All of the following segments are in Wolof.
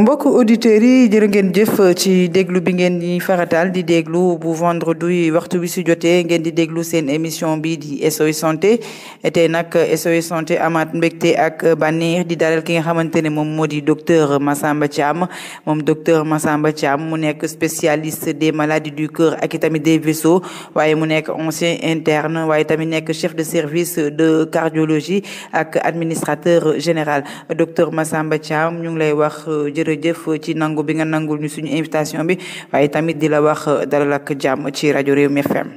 mbokk auditeurs yi jër ngeen jëf ci déglu bi ngeen di faratal di déglu bu vendredi waxtu wi su jotee ngeen di déglu seen émission bi di SOS santé tey nag SOS santé amaat mbégte ak bànneex di dalal ki nga xamante ne moom moo di docteur Massamba Thiam moom docteur Massamba Thiam mu nekk spécialiste des maladies du cœur ak itamit des vaisseaux waaye mu nekk ancien interne waaye tamit nekk chef de service de cardiologie ak administrateur général docteur Massamba Thiam ñu ngi lay wax jërëjëf ci nangu bi nga nangul ñu suñu invitation bi waaye tamit di la wax dalal ak jàmm ci rajo Rewmi FM.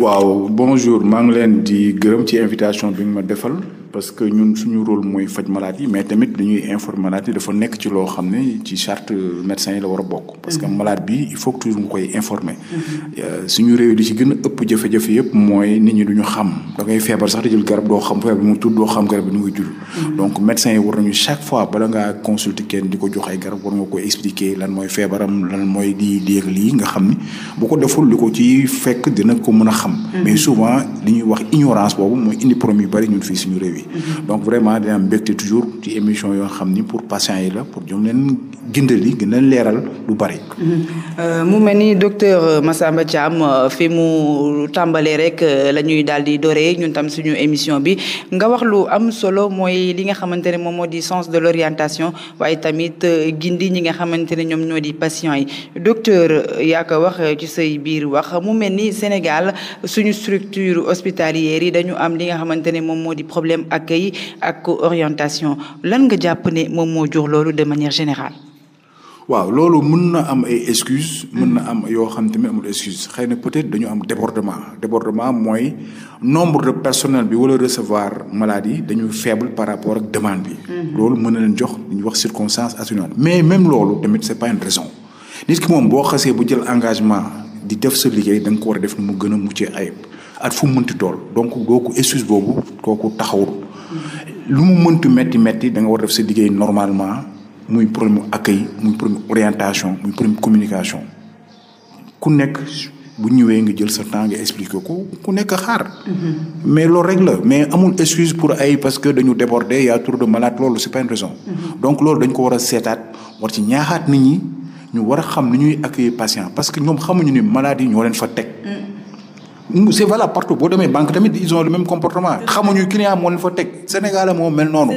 waaw bonjour maa ngi leen di gërëm ci invitation bi ma defal. parce que ñun suñu role mooy faj maladie mais tamit li ñuy informer maladie dafa nekk ci loo xam ne ci charte médecin yi la war a bokk. parce que mhm. malaat bi il faut que toujours nga koy informer. Mhm. Euh, suñu réew li ci gën a ëpp jafe yëpp mooy nit ñi duñu xam da ngay feebar sax garab doo xam feebar bi mu doo xam garab bi nu muy jur. Mhm. donc médecin yi war nañu chaque fois bala ngaa consulter kenn di ko jox ay war nga ko expliquer lan mooy feebaram lan mooy lii léeg lii nga xam ni bu ko deful li ko ci fekk dina ko mën a xam. mais souvent li ñuy wax ignorance boobu mooy indi problème yu bari ñun fii suñu réew yi bi donc vraiment dina am mbégte toujours ci émission yoo xam ni pour patients yi la pour jom leen gindali gën a leeral lu bari. Euh, mu mel ni docteur euh, Massamba Thiam euh, fi mu tàmbalee rek la ñuy daal di dooree ñun tam suñu émission bi nga wax lu am solo mooy li nga xamante ne moom moo di sens de l'orientation waaye tamit gindi ñi nga xamante ne ñoom ñoo di patients yi docteur yaa ko wax ci say biir wax mu mel ni Sénégal suñu structure hospitalière yi dañu am li nga xamante ne moom moo di problème accueil ak orientation lan nga jàpp ne moom moo jur loolu de manière générale. waaw loolu mën na am ay excuse mën na am yoo xam tamit amul excuse xëy na peut-être dañu am débordement débordement mooy nombre de personnel bi wala recevoir maladie dañu faible par rapport ak demande bi mhm. loolu mën na leen jox ñu wax circonstance atténuante mais même loolu tamit c'est pas une raison nit ki moom boo xasee bu jël engagement di def sa liggéey da nga ko war a def ni mu gën a muccee ayib at fu mu mënti tool donc doo ko excuse boobu kooku taxawul mhm. lu mu mënti metti metti da nga war a def liggéey normalement muy problème mu accueil muy problème orientation muy problème communication ku nekk bu ñëwee nga jël sa temps nga expliqué ko ku nekk xaar. Mhm. mais loolu rek la mais amul excuse pour ay parce que dañu débordé y a de malade loolu c'est pas une raison. Mhm. donc loolu dañ ko war a seetaat war ci ñaaxaat nit ñi ñu war a xam ni ñuy accueillir patient parce que ñoom xamuñu ni malade yi ñoo leen fa teg. Mm. c' est valable partout boo demee banque tamit ils ont le même comportement xamuñu client moo leen fa teg Sénégal moo mel noonu.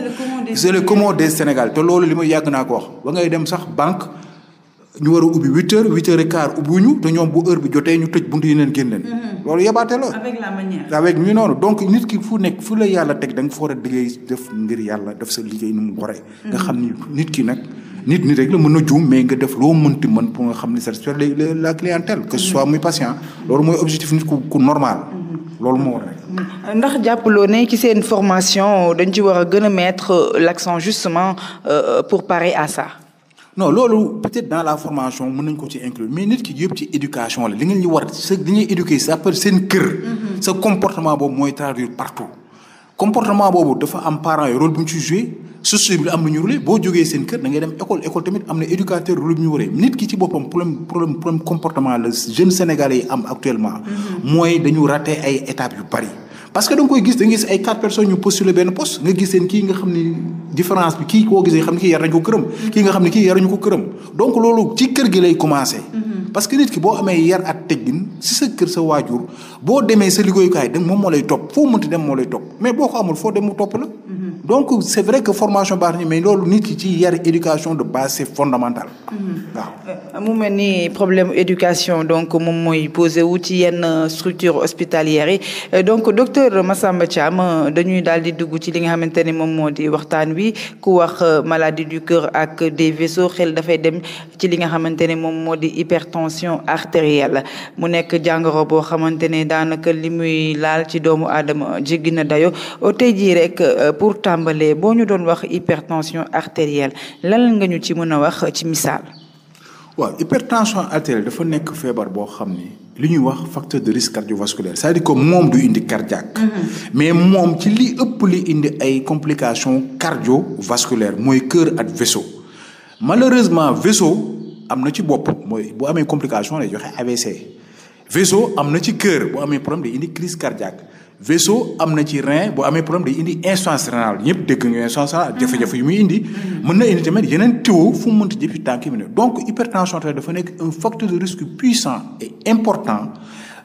c' est le commun des Sénégal te loolu li ma yàgg naa ko wax ngay dem sax banque. ñu war a ubbi huit heures huit heures et quart te ñoom bu heure bi jotee ñu tëj bunt yi leen mm-hmm. loolu yabaate la. avec la donc nit ki fu nekk fu la yàlla teg da nga fa war a liggéey def ngir yàlla def sa liggéey nu mu mm-hmm. nga xam ni nit ki nag. nit nit rek la mën na juum mais nga def loo mënti mën pour nga xam ne satisfaire la clientèle que ce mm-hmm. soit muy patient loolu mooy objectif nit ku normal loolu moo rek ndax jàppaloo ne ci seen formation dañ a a mettre non loolu peut-être dans la formation mun nañ ko ci inclure mais nit ki yëpp ci éducation la li ngeen ñu war sa li ñuy éduquer sa seen kër. Mhm. sa comportement boobu mooy traduire partout. comportement boobu dafa am parents yi rôle bu ñu ci joué société bi am na ñu rôle boo jógee seen kër da ngay dem école école tamit am na éducateur rôle bu ñu waree nit ki ci boppam problème problème problème comportement la jeune sénégal yi am actuellement. Mhm. mooy dañu raté ay étapes yu bari. parce que da nga koy gis da nga gis ay quatre personnes ñu postuler benn poste nga gis seen kii nga xam ni différence bi kii koo gisee xam ne kii yar nañu ko këram. Mm-hmm. kii nga xam ne kii yaruñu ko këram. donc loolu ci kër gi lay commencé. Mm-hmm. parce que nit ki boo amee yar ak teggin si sa kër sa waajur boo demee sa liggéeyukaay dem moom moo lay topp foo mënti dem moo lay topp mais boo ko amul foo dem mu topp la. Mm-hmm. donc c' est vrai que formation baax na mais loolu nit ki ci yar éducation de base c' est fondamental. Mm-hmm. waaw euh, mu mel ni problème éducation donc moom mooy posé wu ci yenn euh, structure hospitalière yi euh, donc docteur Massamba Thiam dañuy daal di dugg ci li nga xamante ne moom moo di waxtaan wi ku wax maladie du cœur ak des xel dafay dem ci li nga xamante ne moom moo di hypertension artérielle mu nekk jàngoro boo xamante ne daanaka li muy laal ci doomu aadama jéggi na dayo tey jii rek pour. tàmbalee boo ñu doon wax hypertension artérielle lan nga ñu ci mën a wax ci misaal. waaw hypertension artérielle dafa nekk feebar boo xam ni li ñuy wax facteur de risque cardiovasculaire c'est-à-dire que moom du indi cardiaque. Mm-hmm. mais moom ci li ëpp li indi ay complication complications cardiovasculaires mooy kër ak vaisseau malheureusement vaisseau am na ci bopp mooy boo amee complication lay joxe AVC vaisseau am na ci cœur boo amee problème day indi crise cardiaque. vaisseau am na ci rein boo amee problème day indi insuffisance rénale ñëpp dégg nga insuffisance rénale mm-hmm. jafe-jafe yu muy indi mën na indi tamit yeneen tiwo fu mu mënta jëppi tànk yi mu ne donc hypertension dafa nekk un facteur de risque puissant et important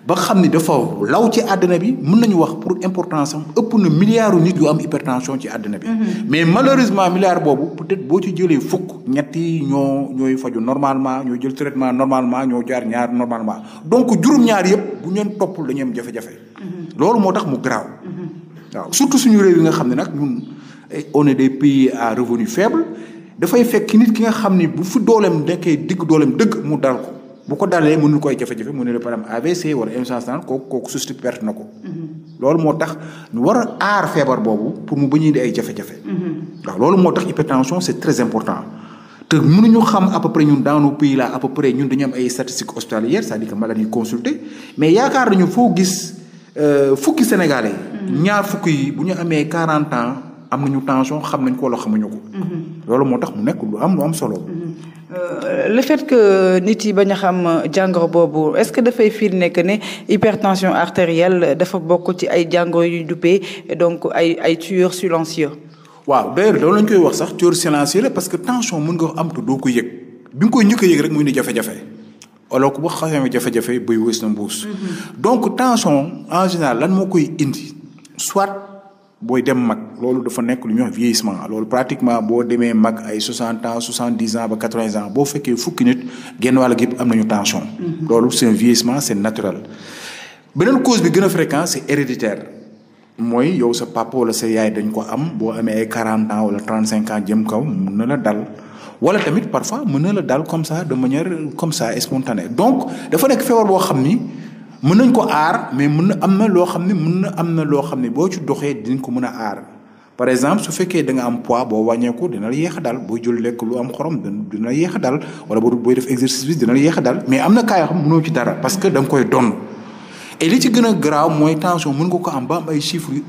ba xam ni dafa law ci àddina bi mun nañu wax pour importance am ëpp na milliards nit yu am hypertension ci àddina bi. Mhm. mais malheureusement milliard boobu peut-être boo ci jëlee fukk ñetti ñoo ñooy faju normalement ñoo jël traitement normalement ñoo jaar ñaar normalement donc juróom-ñaar yëpp bu ñu leen toppul dañuy am jafe-jafe. Mhm. loolu moo tax mu garaaw. Mhm. waaw surtout suñu réew yi nga xam ne nag ñun eh, on est des pays à revenu faible dafay fekk nit ki nga xam ni bu fi dooleem nekkee digg dooleem dëgg mu dal ko. bu ko dalee mënul koy jafe-jafe mu ne la par exemple AVC wala insuffisance mm-hmm. moo tax ñu war aar feebar boobu pour mu bañ a indi ay jafe-jafe. ndax mm-hmm. loolu moo tax hypertension c'est très important. te mënuñu xam à peu près ñun dans nos pays là à peu près ñun dañu am ay statistiques mais yaakaar nañu foo gis euh, fukki sénégalais. Mm-hmm. ñaar fukki bu ñu amee 40 ans am nañu tension xam nañ ko wala xamuñu ko. loolu moo tax mu nekk lu am lu am solo. Euh, le fait que nit yi bañ a xam euh, jàngoro boobu est-ce que dafay firnde que ne hypertension artérielle dafa bokk ci ay jàngoro yu ñu duppee donc ay ay tueurs silencieux. waaw d'ailleurs loolu lañ koy wax sax tueur silencieux la parce que tension mën nga am tu doo ko yëg bi nga koy njëkk yëg rek muy ni jafe-jafe alors que boo xamee jafe-jafe buy wës na mbuus. Mm-hmm. donc tension en général lan moo koy indi soit. booy dem mag loolu dafa nekk lu ñuy wax vieillissement loolu pratiquement boo demee mag ay soixante ans soixante dix ans ba quatre vingt ans boo fekkee fukki nit genn wàll gi yëpp am nañu tension. Mhm. loolu c'est un vieillissement c'est naturel. beneen cause bi gën a fréquent c'est héréditaire mooy yow sa papa wala sa yaay dañ ko am boo amee ay quarante ans wala trente cinq ans jëm kaw mën na la dal. wala tamit parfois mën na la dal comme ça de manière comme ça spontanée donc dafa nekk feebar boo xam ni. mën nañ ko aar mais mën na am na loo xam ne mën na am na loo xam ne boo ci doxee dinañ ko mën a aar par exemple su fekkee danga nga am poids boo wàññeeku dina la yéex a dal boo jul lekk lu am xorom dina la yéex dal wala boo def exercice bi dina la a dal mais am na kaa yoo xam mënoo ci dara parce que da koy donn et ci gën a garaaw mooy tension mën nga ko am ba am ay chiffres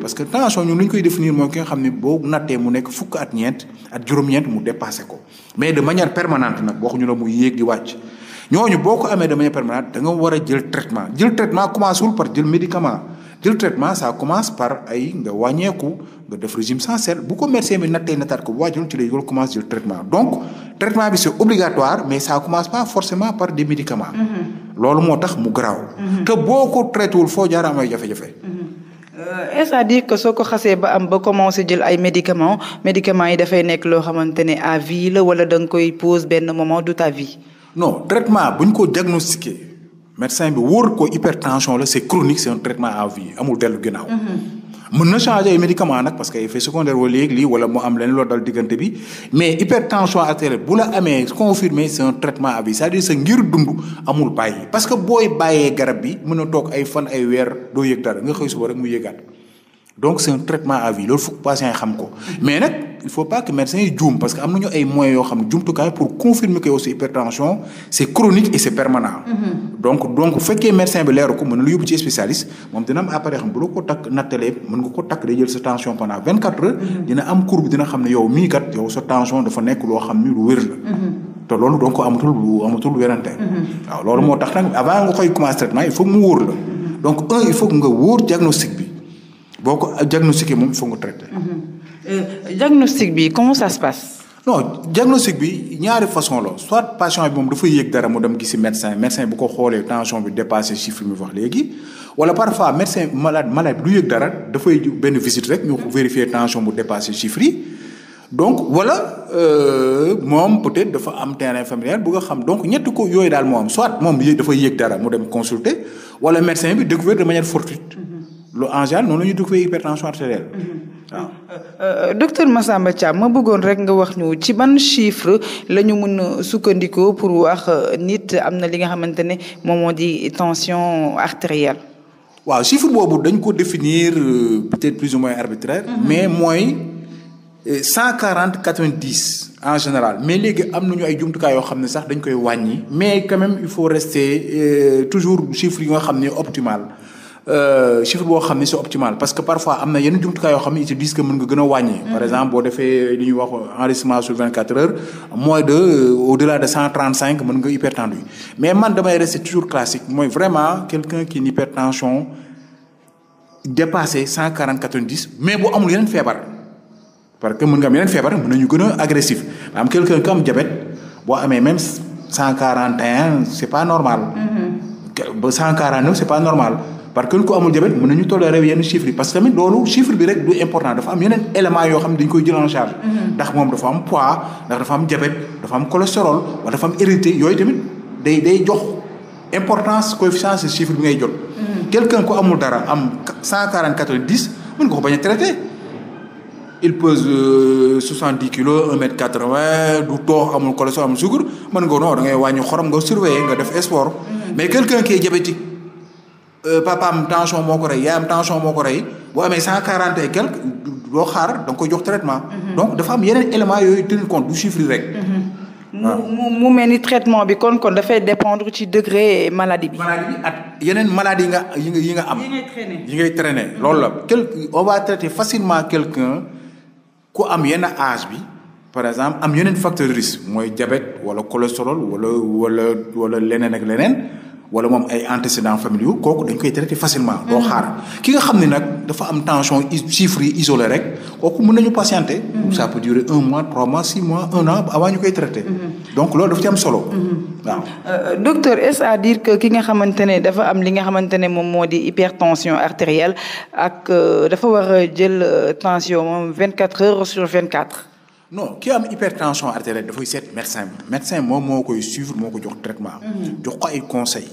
parce que tension ñun li ñu koy définir mooy ki nga xam ne boo nattee mu nekk fukk at ñeent at juróom-ñeent mu dépassé ko mais de manière permanente nag waxuñu la mu yéeg di ñooñu boo ko amee de manière permanente da nga war a jël traitement jël traitement commence wul par jël médicament jël traitement bu ko médecin bi nattee nattaat ko bu wàccul ci lay yool commence jël traitement donc traitement bi c'est obligatoire mais ça commence pas forcément par des médicaments mm-hmm. loolu moo tax mu garaaw mm-hmm. te boo ko traité wul foo jaara am ay jafe-jafe mm-hmm. euh, est-ce à dire soo ko xasee ba am ba commencé jël ay médicaments médicaments yi dafay nekk loo xamante ne à vie la wala d nga non traitement bu ñu ko diagnostiqué médecin bi wóor ko hypertension la c'est chronique c'est traitement à amul dellu ginnaaw. Mm-hmm. mën na changer ay médicament nag parce que effet secondaire wala léegi lii wala mu am leen loolu dal diggante bi mais hypertension artérielle bu la amee confirmé c'est traitement à sa dire sa ngir dund amul bàyyi parce que booy bàyyee garab bi mën a toog ay fan ay weer doo yëg dara nga xëy suba rek mu yëgaat donc c'est un traitement à vie loolu yi xam ko mm-hmm. mais nag. il faut pas que médecins yi juum parce que am nañu ay moyens yoo xam ne jumtukaay pour confirmer que yow sa hypertension c' chronique et c' permanent. Mm-hmm. donc donc fekkee médecin bi leeru ko mën na la yóbbu ci spécialiste moom dina am appareil mm-hmm. am courbe dina xam ne yow mii dafa nekk loo xam ni lu wér la. Mm-hmm. te loolu donc amatul lu amatul werante. loolu moo tax nag avant nga koy commencer traitement il faut nga wóor diagnostic bi boo ko diagnostiqué moom il faut nga traité. diagnostic bi comment ça se passe. non diagnostic bi ñaari façon la soit patient bi moom dafay yëg dara mu dem gisi médecin médecin bu ko xoolee tension bi dépassé chiffre mi wax léegi wala parfois médecin malade malade du yëg dara dafay benn visite rek ñu vérifier tension bu dépassé chiffre donc wala euh, moom peut-être dafa am terrain familial bu nga xam donc ñett ko yooyu daal moom am soit moom yë dafa yëg dara mu dem consulter wala médecin bi découvert de manière fortuite. Mm-hmm. lu en général noonu la ñuy hypertension artérielle. Mm-hmm. waaw ah. euh, euh, docteur Massamba Thiam ma bëggoon rek nga wax ñu ci ban chiffre la ñu mun a sukkandikoo pour wax euh, nit am na li nga xamante ne moom moo di tension artérielle. waaw chiffre boobu dañ ko définir peut-être plus ou moins arbitraire. Mhm. mais mooy cent quarante quatre vingt en général mais léegi am nañu ay jumtukaay yoo xam ne sax dañ koy wàññi. mais quand même il faut rester toujours chiffre yi nga xam ne optimal. Euh, chiffre boo xam ne c'est optimal parce que parfois am na yenn jumtukaay yoo xam ne ils te disent que mën nga gën a wàññi. Mm-hmm. par exemple boo defee li ñuy wax enregistrement sur vingt quatre heures moins de euh, au delà de cent trente cinq mën nga hypertendu mais man damay rester toujours classique mooy vraiment quelqu'un qui une hypertension dépassé mais bu amul yeneen feebar parce que mun nga am yeneen feebar mën nañu gën a agressif am quelqu'un qui am diabète boo amee même cent quarante et un c'est pas normal. Mm-hmm. ba cent quarante neuf parce que ko amul jabet mën nañu tolérer yenn chiffres yi parce que tamit loolu chiffre bi rek du important dafa am yeneen éléments yoo xam ne dañu koy jël mm-hmm. ndax moom dafa am poids dafa am jabet dafa am cholestérol wala dafa am hérédité yooyu tamit day day jox importance coefficient ce bi ngay jot. Mm-hmm. quelqu'un ku amul dara am cent quarante quatre vingt nga ko bañ a traité. il pèse euh, soixante dix kilos un mètre quatre vingt du toox amul cholestérol amul sucre mën nga non da ngay wàññi xorom nga surveiller nga def sport. Mm-hmm. mais quelqu'un qui est diabétique Euh, papaam tension moo ko rey yaayam tension moo ko rey boo amee cent quarante et quelque doo xaar da koy jox traitement. Mhm. donc dafa am yeneen éléments yooyu tenir compte du chiffre rek. Mhm. Ah. mu mu mel ni traitement bi kon kon dafay dépendre ci degré maladie bi. maladie bi ak yeneen maladie yi nga yi nga am. yi ngay traîner yi ngay traîner loolu la. Mhm. quelque on traiter facilement quelqu'un ku am yenn âge bi par exemple am yeneen facteur risque mooy diabète wala cholestérol wala wala wala leneen ak leneen. wala moom ay antécédents familiaux kooku dañ koy traité facilement. doo mm-hmm. xaar ki nga xam ne nag dafa am tension chiffre yi isolé rek kooku mën nañu patienter. Mm-hmm. ça peut mois trois mois six mois un an avant ñu koy traiter. Mm-hmm. donc loolu dafa ci am solo. waaw euh, euh, docteur est à dire que ki nga xamante ne dafa am li nga xamante ne moom moo di hypertension artérielle ak euh, dafa war a jël tension moom vingt quatre heures sur vingt quatre. non ki am hypertension artérielle dafay seet médecin médecin moom moo koy suivre moo ko jox traitement. Mhm. jox ko ay conseil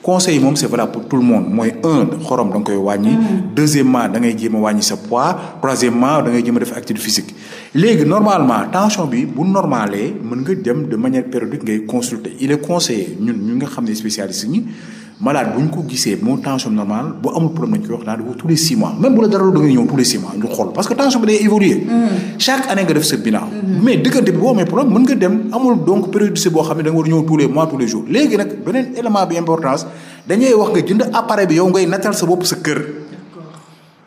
conseil moom c' est pour tout le monde mooy un xorom da nga koy wàññi. Mhm. deuxièmement da ngay jéem a wàññi sa poids. troisièmement da ngay jéem a def activité physique. léegi normalement tension bi bu normalee mën nga jëm de manière périodique ngay consulter il est conseillé ñun ñu nga xam ne spécialiste ñi. malade bu ñu ko gisee moo tension normale bu amul problème nañu koy wax daal tous les six mois même bu la dara lu da nga ñëw tous les six mm-hmm. mm-hmm. xam ne da nga war ñëw tous les mois tous les jours léegi nag beneen élément bi importance dañuy wax nga jënd appareil yow ngay nattal sa bopp sa kër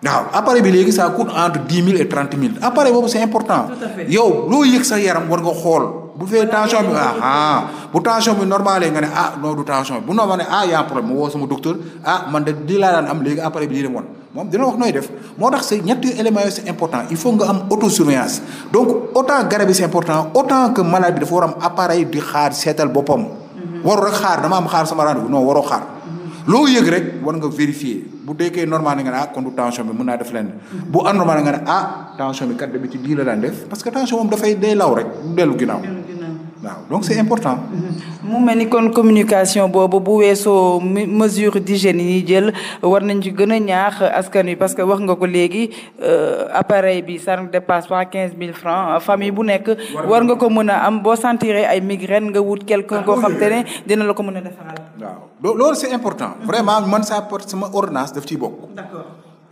waaw appareil bi léegi ça coûte entre dix mille et mille appareil boobu c'est important yow loo yëg sa yaram war nga xool bu fee tension bi ah, ah bu tension bi normal nga ne ah non du tension bu noo ma ne ah y' problème mu woo suma docteur ah man de di laa daan am léegi appareil bi di dem woon moom dina wax nooy def moo tax c'est ñetti éléments yooyu c'est important il faut nga am autosurveillance donc autant garab yi c'est important autant que malade bi dafa war am appareil di xaar seetal boppam. Mhm. waru rek xaar dama am xaar sama rendez-vous non waroo xaar. loolu yëg rek war nga vérifier bu deekee normal nga ne ah kon du tension bi mun naa def lenn bu anormal nga ne ah tension bi kat bi ci lii la daan def parce que tension moom dafay day law rek du dellu ginaaw waaw donc c'est important. Mm-hmm. mu mel ni kon communication boobu bu weesoo mesure d'hygiène yi jël war nañ ci gën a ñaax askan wi parce que wax nga ko léegi euh, appareil bi ça ne dépasse pas quinze mille francs famille bu nekk. war nga ko mën a am boo sentiree ay migraine nga wut quelqu'un ah, ko xam te dina la ko mën a defaral. waaw loolu c'est important. Mm-hmm. vraiment man saa porte sama ordinance daf ciy bokk.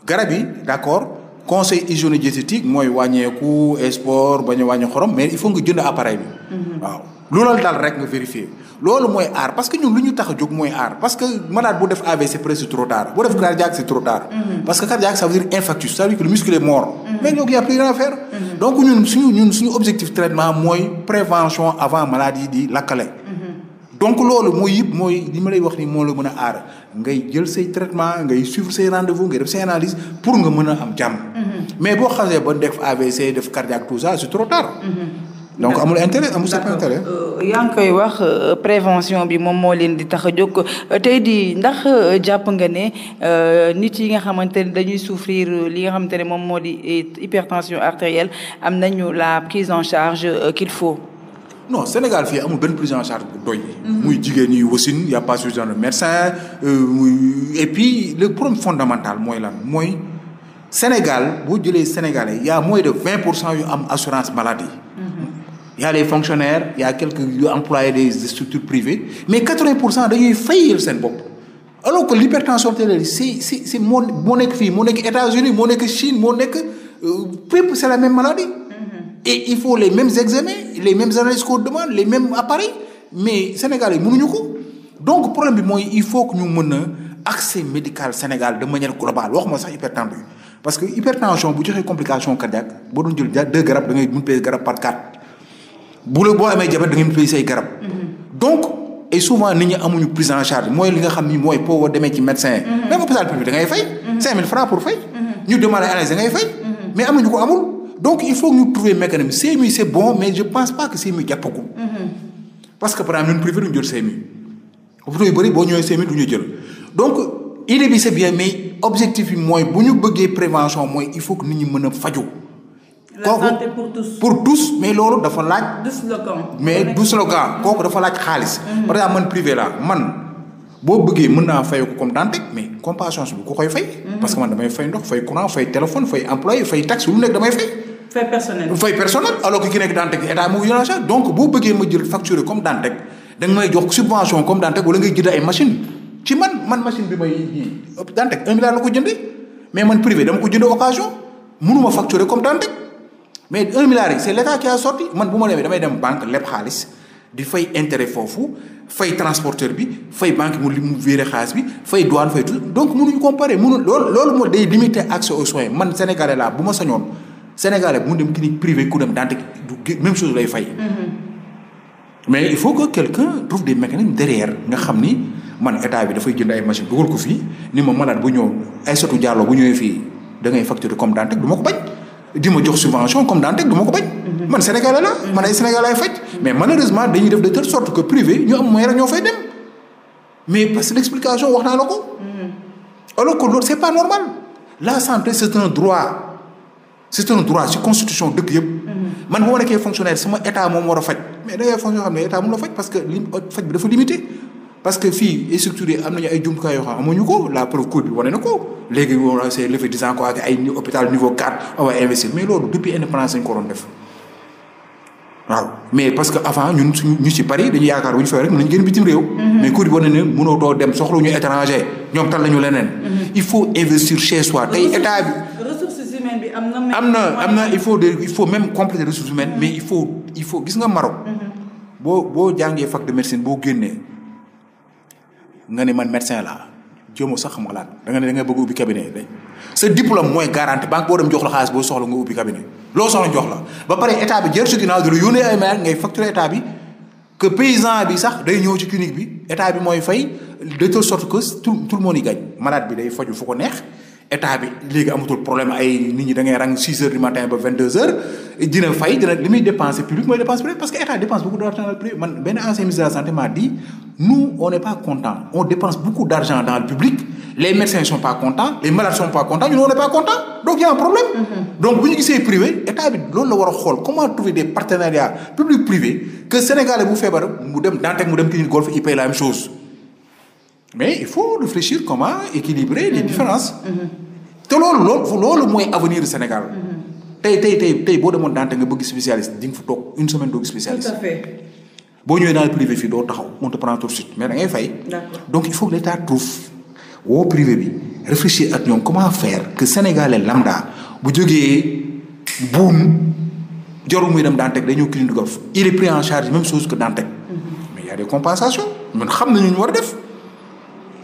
garab yi d'accord. conseil hygiénique diététique mooy wàññeeku sport bañ a wàññi xorom mais il faut nga jënd appareil bi. Mhm. waaw lu loolu daal rek nga vérifier loolu mooy aar parce que ñun lu ñu tax a jóg mooy aar parce que malade bu def AVC c'est presque trop tard bu def cardiaque c'est trop tard. Mhm. parce que cardiaque ça veut dire infarctus ça veut dire que le muscle mort. Mhm. mais donc y a faire. donc ñun suñu ñun suñu objectif traitement mooy prévention avant maladie di lakkale. donc loolu mooy yëpp mooy li ma lay wax ni moo la mën a aar ngay jël say traitement ngay suivre say rendez-vous ngay def say analyse pour nga mën a am jàmm. Mm-hmm. mais boo xasee ba def AVC def cardiaque tout ça c'est trop tard. Mm-hmm. donc amul intérêt amul certain intérêt. Euh, yaa ngi koy wax euh, prévention bi moom moo leen di tax a jóg euh, tey di ndax jàpp nga ne nit yi nga xamante ne dañuy souffrir li nga xamante ne moom moo di hypertension artérielle am nañu la prise en charge qu'il faut. non Sénégal fii amul benn prise en charge bu doy. muy jigéen ñi wasin y' a pas suffisamment de médecin euh, muy et puis le problème fondamental mooy lan mooy Sénégal boo jëlee Sénégalais y' mooy de vingt pour cent yu am assurance maladie. Mm-hmm. y' a les fonctionnaires y' a quelques yu employés des structures privées mais quatre vingt pour cent dañuy fayal seen bopp. alors que l'hypertension artérielle si si si moo moo nekk fii moo nekk États-Unis moo nekk Chine moo nekk euh, fépp c'est la même maladie. et il faut les mêmes examens les mêmes analyses qu'on demande les mêmes appareils mais Sénégal yi mënuñu ko donc problème bi mooy il faut que ñu mën a accès médical Sénégal de manière globale wax ma sax hypertendu parce que hypertension bu joxee complication cardiaque boo doon jël deux garab da ngay mun paye garab par quatre bu la boo amee jabet da ngay mun garab mm-hmm. donc et souvent nit ñi amuñu prise en charge mooy li nga xam ni mooy pour demee ci médecin da mm-hmm. nga hôpital public donc il faut que ñu trouver mécanisme CMU c' bon mais je pense pas que CMU jàpp mhm. parce que par exemple ñun privé du ñu jël CMU. hôpitaux boo ñëwee CMU du ñu jël donc idée bi est bien mais objectif bi mooy bu ñu bëggee prévention mooy il faut que nit ñi mën a faju la santé pour tous pour tous mais loolu dafa laaj. du slogan mais du slogan kooku dafa laaj xaalis. Mhm. par exemple man privé la man boo bëggee mën naa fay ko comme Dantec mais compensation bi ku koy fay. Mhm. parce que man damay fay ndox fay courant fay téléphone fay employé fay taxe lu nekk damay fay personnel. fay personnel alors que ki nekk Dantec état moo yor la donc boo bëggee ma jël facture comme Dantec da may jox subvention comme Dantec wala ngay jënd ay machine ci man man machine bi may ji Dantec un la ko jëndee mais man privé dama ko jënd occasion mënuma facturer comme Dantec mais un milliard yi c'est l'État qui a man bu ma demee damay dem banque leb xaalis di fay intérêt foofu fay transporteur bi fay banque mu mu viré xaalis bi fay douane fay tout donc mënuñu comparer mënu loolu loolu moo day limiter accès aux soins man sénégalais laa bu ma sañoon. Sénégalais bu mu dem clinique privée ku dem daanaka même chose lay fay. mais il faut que quelqu'un trouve de mécanismes derrière nga xam ni man état bi dafay jënd ay machine dugal ko fii ni ma malade bu ñëw ay sotu jàlloo bu ñëwee fii da ngay facturer comme Dantec du ma ko bañ di ma jox subvention comme Dantec du ma ko bañ. man Sénégalais la man ay Sénégalais lay faj. mais malheureusement dañuy def de telle sorte que privé ñu am moyen rek ñoo fay dem mais parce que wax naa la ko. Mm. alors que loolu la santé c'est un c'est un droit ci constitution dëkk yëpp. Mhm. man boo nekkee fonctionnaire sama état moom war a faj mais da ngay xam ne état mun la faj parce que li faj bi dafa limité. parce que fii structures yi am nañu ay jumtukaay yoo xam amuñu ko ko léegi moom mais ko doon def parce que avant ñun suñu ñu ci bari dañu yaakaar bu ñu fay rek mën nañu génn bitim réew. Mhm. mais Covid wane ne mënoo doo dem soxla ñu étranger ñoom tal lañu leneen. Mhm. il faut investir chez soi tey état bi. humaine am na. am na am na il faut de il faut même compléter ressources humaines mais il faut gis nga Maroc. Mm-hmm. boo boo jàngee fac de médecine boo génnee nga ne man médecin laa jéemoo sax xam xalaat da nga ne da nga bëgg ubbi cabinet de sa diplôme mooy garanti banque boo dem jox la xaalis boo soxla nga ubbi cabinet loo soxla jox la ba pare état bi jël su ginnaaw di la yónnee ay maire ngay facturer état bi que paysan bi sax day ñëw ci clinique bi état bi mooy fay de telle sorte que tout tout le bi day faju fu état bi léegi amatul problème ay nit ñi da ngay rang 6 heures du matin ba 22 heures dina fay dina li muy dépenser public mooy dépense privée parce que état dépense beaucoup d'argent d'argent dans le public les médecins sont pas contents les malades sont pas contents ñun on n'est pas contents donc y a problème. Mm-hmm. donc bu ñu gisee privé état bi loolu la war a xool comment trouver des partenariats public privé que sénégalais bu feebar mu dem Dantec mais il faut réfléchir comment équilibrer les mm-hmm. différences mm-hmm. te loolu loolu loolu mooy avenir Sénégal mm-hmm. tey tey tey tey boo demoon daante nga bëgg spécialiste di nga fa toog une semaine doo spécialiste tout boo ñëwee dans le privé fii doo taxaw on te prend tout de suite mais da fay donc il faut que l'État trouve woo privé bi réfléchir ak ñoom comment faire que sénégalais lambda bu jógee buum jarul muy dem Dantec dañoo clinique Golf il est pris en charge même chose que Dantec mais y a des compensations ñu war a def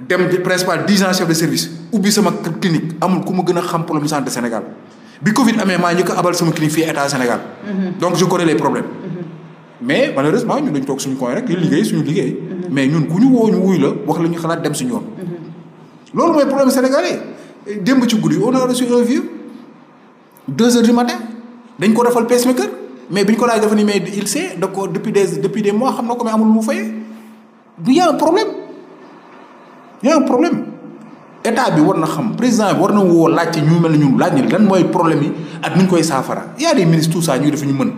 dem di principal dix ans chef de service ubbi sama clinique amul ku ma gën a xam problème santé Sénégal bi Covid amee maa ñu ko abal sama clinique fii état Sénégal. Mhm. donc je connais les problèmes. Mhm. mais malheureusement ñun dañu toog suñu coin rek li liggéey suñu liggéey. Mhm. mais ñun ku ñu woo ñu wuy la wax la ñu xalaat dem suñu yoon. loolu mooy problème sénégalais démb ci guddi on a reçu un vieux deux heures du matin dañ ko defal pacemaker mais bi ñu ko laaj dafa mais il sait da ko depuis des xam na ko mais amul lu y a un problème état bi war na xam président war na woo laajte ñu mel ne ñun laaj ñu lan mooy problème yi ak nuñ koy saafara yaa a des tout ça ñuy def ñu mën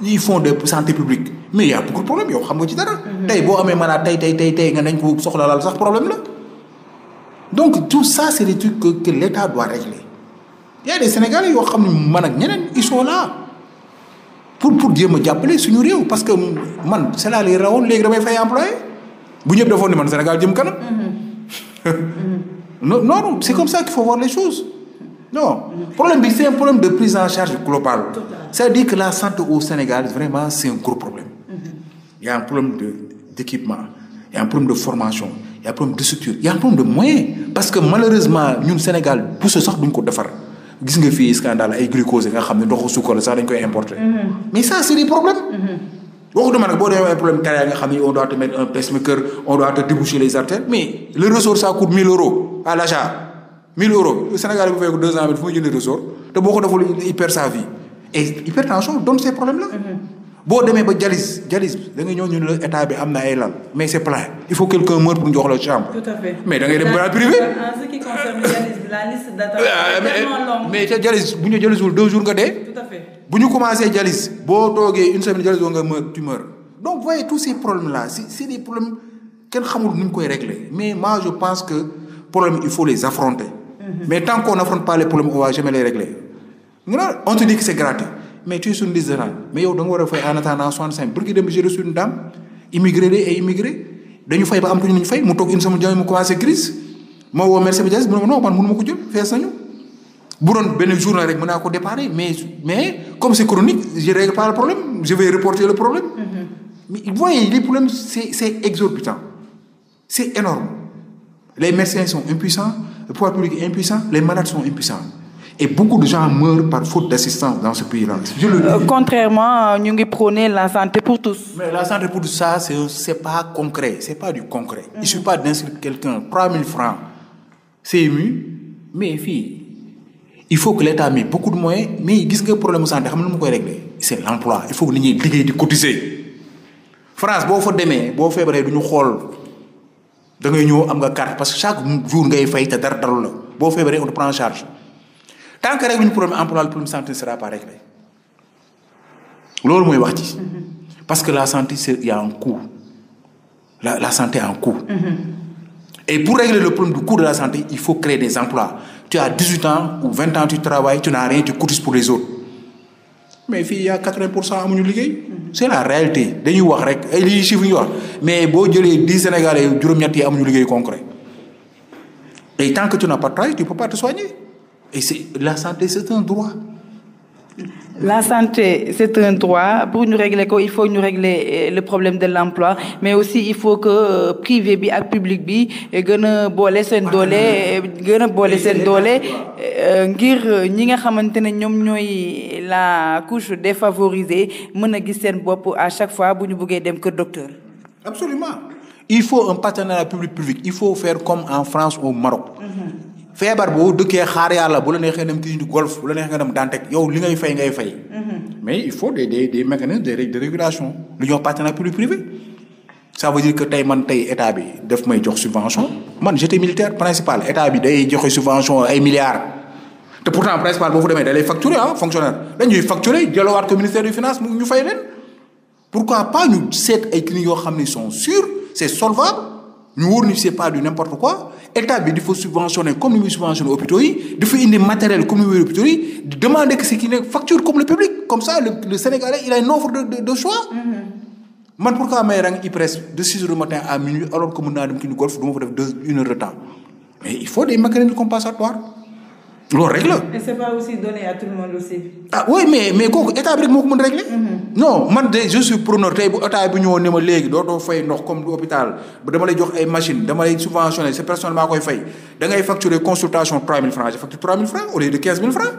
ñuy fond de santé publique mais y a beaucoup de problème mhm. tey boo amee maanaam tey tey tey tey nga nañ ko soxlalaal sax problème la. donc tout ça c' est des l' état doit régler y a yoo xam ne man ak ñeneen ils sont là pour pour jéem a jàppale suñu réew parce que man c' yi là li rawoon léegi damay fay employé bu ñëpp defoon ni man Sénégal jëm kanam. Mhm. non non c'est comme ça qu'il faut voir les choses non problème bi c'est un problème de prise en charge globale c'est-à-dire que la santé au Sénégal vraiment c'est un gros problème mhm. il un problème de d'équipement il un problème de formation il y a un problème de structure il un problème de moyens parce que malheureusement ñun Sénégal bu sa du duñ ko defar gis nga fii scandale ay glucose nga xam ne ndoxu suukar la sax dañ koy importer mhm. mais ça c'est waxutuma nag boo dee ay problème carrière nga xam ni on doit te mettre un pacemaker bu fekk 200 000 fu muy te boo ko deful il perd sa vie et mm-hmm. boo demee ba dialyse dialyse da nga ñëw ñu ne la état bi am na ay lal mais c'est plein il faut quelqu'un meure pour ñu chambre. mais da ngay dem ba privé. en ce qui concerne dialyse la liste d'attente ah, est tellement mais ca dialyse bu ñu dialysewul deux jours nga dee. bu ñu commencé dialyse boo toogee une semaine dialyse boo nga meur tu donc voyez tous ces problèmes là c'est c'est des kenn xamul nu koy régler mais moi je pense que problème il faut les affronter mhm. mais tant qu'on n'affronte pas les problèmes on va jamais les régler nga naan on te dit que c'est mais tu es sur une mais yow da nga war a fay en attendant soixante-cinq burki dem j'ai reçu une dame de et immigré dañu fay ba am tuñu ñu fay mu toog une semaine dialyse ko bu doon benn journée rek mën naa ko dépanner mais mais comme c'est chronique je règle pas le problème je vais reporter le problème. Mm-hmm. mais vous voyez les problèmes c'est c'est exorbitant c'est énorme les médecins sont impuissants le pouvoir public est impuissant les malades sont impuissants. et beaucoup de gens meurent par faute d'assistance dans ce pays-là. je le dis. Euh, contrairement euh, ñu ngi prôner la santé pour tous. mais la santé pour tous ça c'est c'est pas concret c'est pas du concret. il suffit pas d'inscrire quelqu'un 3000 il faut que l' état mette beaucoup de moyens mais gis nga problème santé xam nga nu koy réglé c' est l' emploi il faut que nit ñi liggéey di cotiser France boo fa demee boo feebaree du ñu xool da ñëw am nga carte parce que chaque jour ngay fay te dara daru la boo feebaree on te prend en charge tant que régluñu problème emploi le problème santé ne sera pas réglé loolu mooy wax ci. Mm-hmm. parce que la santé c' est y' a la la santé a un coût. Mm -hmm. et pour régler le problème du tu as 18 ans ou 20 ans tu travailles tu n'as rien tu cotises pour les autres mais fii y a 80 pour cent amuñu liggéey. c'est la réalité dañuy wax rek ay eh, lii chiffres ñu mais boo jëlee 10 Sénégalais juróom-ñett yi amuñu liggéey concret et tant que tu n'as pas de travail tu peux te soigner et c'est la santé c'est un droit. La santé, c'est un droit. Pour nous régler ko il faut nous régler euh, le problème de l'emploi, mais aussi il faut que euh, privé bi ak public bi euh, gëna boole seen doole gëna boole seen doole ngir ñi nga xamante ne ñoom ñooy la couche défavorisée mën a gis seen bopp à chaque fois bu ñu bëggee dem que docteur. Absolument. Il faut un partenariat public-privé. Il faut faire comme en France ou au Maroc. Mm-hmm. feebar boo dëkkee xaar yàlla bu la neexee dem clinique golf bu la neexee nga dem Dantec yow li ngay fay ngay fay. Mm-hmm. mais il faut des des des mécanismes de régulation lu ñuy wax partenariat public privé. ça veut dire que tey man tey état bi def may jox subvention man j'étais militaire principal état bi day joxe subvention ay milliards te pourtant principal boo fu demee da lay facturer ah fonctionnaire dañuy facturer jëlawaat ko ministère du finance mu ñu fay leen pourquoi yoo xam ne sont sûrs c'est solvable. ñu wóor ni c'est pas du n'importe quoi état bi dafa subventionné comme ni muy subventionné hôpitaux yi dafa indi matériel comme ni muy hôpitaux yi di demander que ce qui ne facture comme le public comme ça le, le Sénégalais il a de de, de choix. Mm-hmm. man pourquoi may rang IPRES de six heures matin à minuit alors naa dem kii nu golf du ma fa def deux une heure de temps mais il faut des mécanismes compensatoires. loolu rek la. et c'est pas aussi donné à tout le monde aussi. ah oui mais mais kooku état bi rek moo ko mën a régler. Mm-hmm. non man de je suis preneur tey bu état bi ñëwoon ne ma léegi dootoo fay ndox comme du hôpital ba jox ay machine dama lay subventionné personnel maa koy fay da facturer consultation 3000 francs je facture 3000 francs au lieu de 15000 francs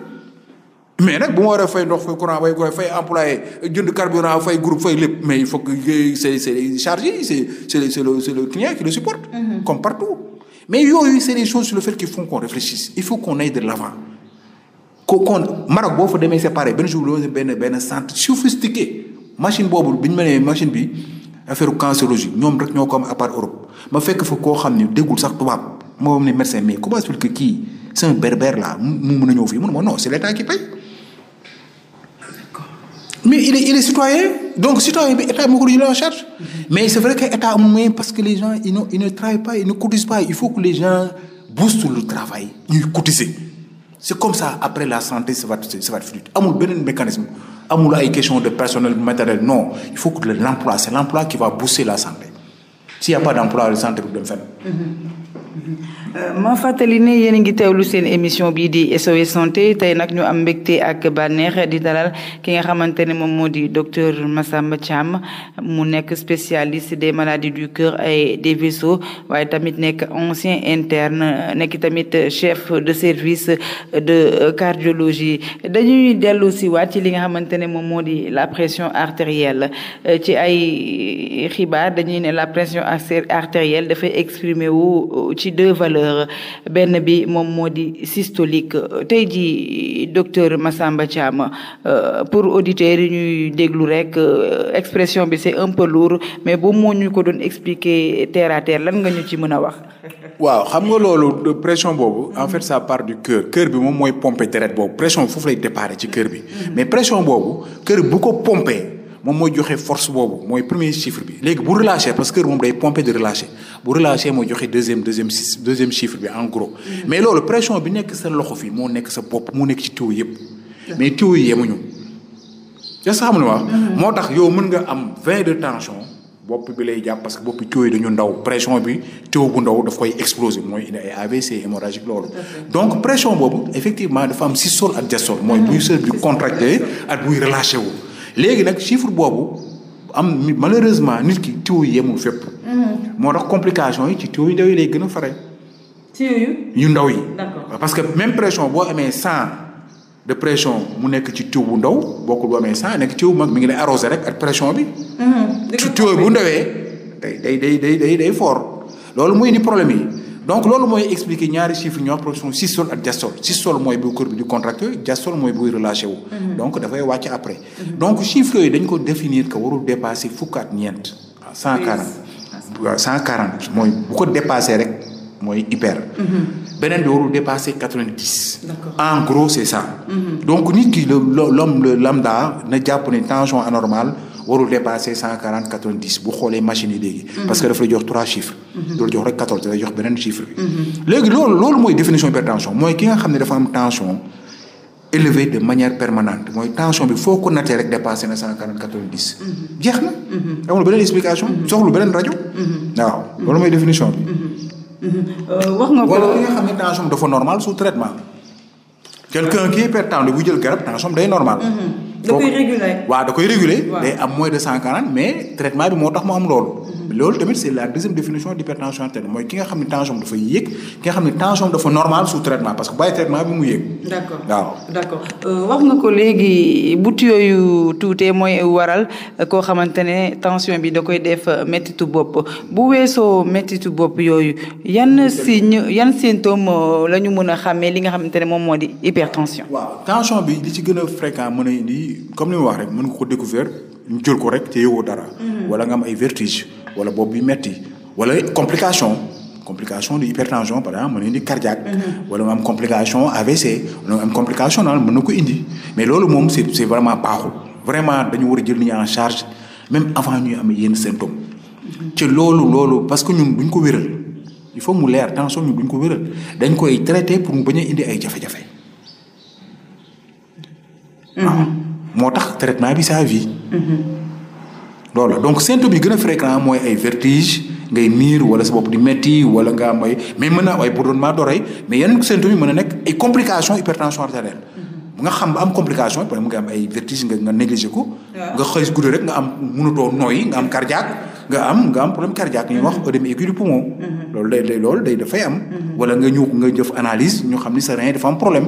mais nag bu ma war a fay ndox fay courant fay ko fay carburant fay groupe fay lépp mais il faut que c'est c'est mais yooyu c'est des choses sur le fait qu'il faut qu'on réfléchisse il faut qu'on aille de l'avant ko kon Maroc boo fa demee séparé benn jour loolu benn benn centre sophistiqué machine boobu bi ñu ma machine bi affaire cancérologie ñoom rek ñoo ko am à part Europe ma fekk fa koo xam ni déggul sax tubaab moo am ne médecin mais comment explique que kii c'est un berbère là mu mën a ñëw fii mu ne ma non c'est l'état qui paye mais il est il est citoyen donc citoyen bi état moo ko charge mais c' est vrai que état amul moyen parce que les gens ils ne ils ne travaillent pas ils ne cotisent pas il faut que les gens boostent le travail ñuy cotiser c' comme ça après la santé ça va ça va fluide amul beneen mécanisme amul ay question de personnel matériel non il faut que l' emploi c' qui va booster la santé s' y a pas d' emploi santé du dem Euh, ma fàttali ne yéen a ngi teewlu seen émission bii di SOS santé tey nag ñu am mbégte ak bànneex di dalal ki nga xamante ne moom moo di docteur Massamba Thiam mu nekk spécialiste des maladies du cœur et de vaisseaux waaye tamit nekk ancien interne nekk tamit chef de service de cardiologie dañuy dellu si waat ci li nga xamante ne moom moo di la pression artérielle euh, ci ay xibaar dañuy ne la pression artérielle dafay exprimer wu ci deux valeurs cancer benn bi moom moo di systolique tey ji docteur Massamba Thiam euh, pour auditeurs yi ñuy déglu rek euh, expression bi c'est un peu lour mais boo moo ñu ko doon expliquer terre à lan nga ñu ci mën a wax. waaw xam nga loolu pression boobu en fait ça part du cœur cœur bi moom mooy pomper deret boobu pression bi foofu lay départ ci cœur bi mm-hmm. mais pression boobu cœur bu ko pomper. moom mooy joxe force boobu mooy premier chiffre bi léegi bu relâché parce que moom day pomper de relâché bu relâché mooy joxe deuxième deuxième deuxième chiffre bi en gros mm-hmm. mais loolu pression bi nekk sa loxo fii moo nekk sa bopp moo nekk ci tuyau yëpp mais tuyau yi yemuñu est-ce mm-hmm. moo tax yow mën nga am vingt de tension bopp bi lay jàpp parce que bopp tuyau yi dañu ndaw bi tuyau bu ndaw daf koy exploser mooy indi ay AVC hémorragique loolu donc pression boobu effectivement dafa am si systole ak diastole mooy mm-hmm. buy sël bi contracté ak buy relâché wu léegi nag chiffre boobu am malheureusement nit ki tiw yi yemul mhm. moo tax complication yi ci tiw yi ndaw yi lay gën a fare. tiw yu. ndaw yi. parce que même pression boo amee cent de pression mu nekk ci tiw bu ndaw bokkul bu amee cent nekk tiw bu mag mi ngi lay arrosé rek ak pression bi. Mhm. ci tiw bu ndawee day day day day day fort loolu muy indi problème yi. donc loolu mooy expliquer ñaari chiffres ñoo production systole ak diastole systole mooy bu cœur bi di contracté diastole mooy buy relâché wu mhm. donc dafay wàcc après mhm. donc chiffres yooyu dañ ko définir que warul dépasser fukk ah, ah, ko dépassé rek mooy hyper mhm. beneen bi warul dépasser quatre-vingt-dix ça donc nit ki l'homme lambda na jàpp ne tension anormale warul dépasser cent quarante quatre vingt dix bu xoolee machine yi léegi. parce que daf lay jox trois chiffres. Mhm. du jox rek quatorze da jox beneen chiffre bi. Mhm. léegi loolu mooy définition hypertension mooy ki manière permanente mooy tension bi foo ko nattee rek dépassé na cent quarante quatre vingt dix. Mhm. jeex na. amul beneen explication. soxlu beneen rajo. waaw loolu mooy définition bi. Euh, wax nga ko wala ki nga xam ne tension dafa normal sous traitement. quelqu'un qui est hypertendu bu jël garab tension day normal. da koy réguler waaw da koy réguler day am moins de cent quarante mais traitement bi moo tax mu am lool mhm. loolu tamit c'est la deuxième définition d'hypertension artérielle mooy ki nga xam ne tension ne tension dafa normal sous traitement parce que bàyyi euh, wax nga ko léegi but yooyu tuutee mooy waral koo xamante ne tension bi da koy def méttitu bopp bu weesoo méttitu bopp yooyu yan signe yan symptôme euh, la ñu mën a xàmmee li nga xamante ne moom moo di hypertension waaw tension bi li ci gën a fréquent mën a indi ci comme li ma wax rek mën nga ko découvrir ñu jël ko rek te yëgoo dara. Mhm. wala nga am ay vertige wala boobu bi metti wala complication complication de hypertension par exemple mën indi cardiaque. Mhm. wala nga am complication AVC wala nga am complication daal mën na ko indi mais loolu moom c'est vraiment baaxul vraiment dañu war a jël ñu en charge même avant ñuy am yenn symptômes. ci mhm. loolu loolu parce que ñun duñ ko wéral il faut mu leer tension ñun duñ ko wéral dañ koy traiter pour mu bañ indi ay jafe moo tax traitement bi sa vie. loolu donc symptômes yi gën a fréquent mooy ay vertige ngay miir wala sa bopp di metti wala nga am ay mais mën na ay bourdonnement d'oreille mais yeneen symptômes yi mën na nekk ay complications hypertension artérielle. nga xam ba am complication par nga am ay vertige nga nga négligé ko. nga xëy rek nga am mënatoo nooyi nga am cardiaque nga am nga am problème cardiaque ñu wax œdème mhm. aigu du poumon. Mhm. loolu day day loolu day dafay am. Mhm. wala nga ñëw nga jëf analyse ñu xam ni sa rein dafa am problème.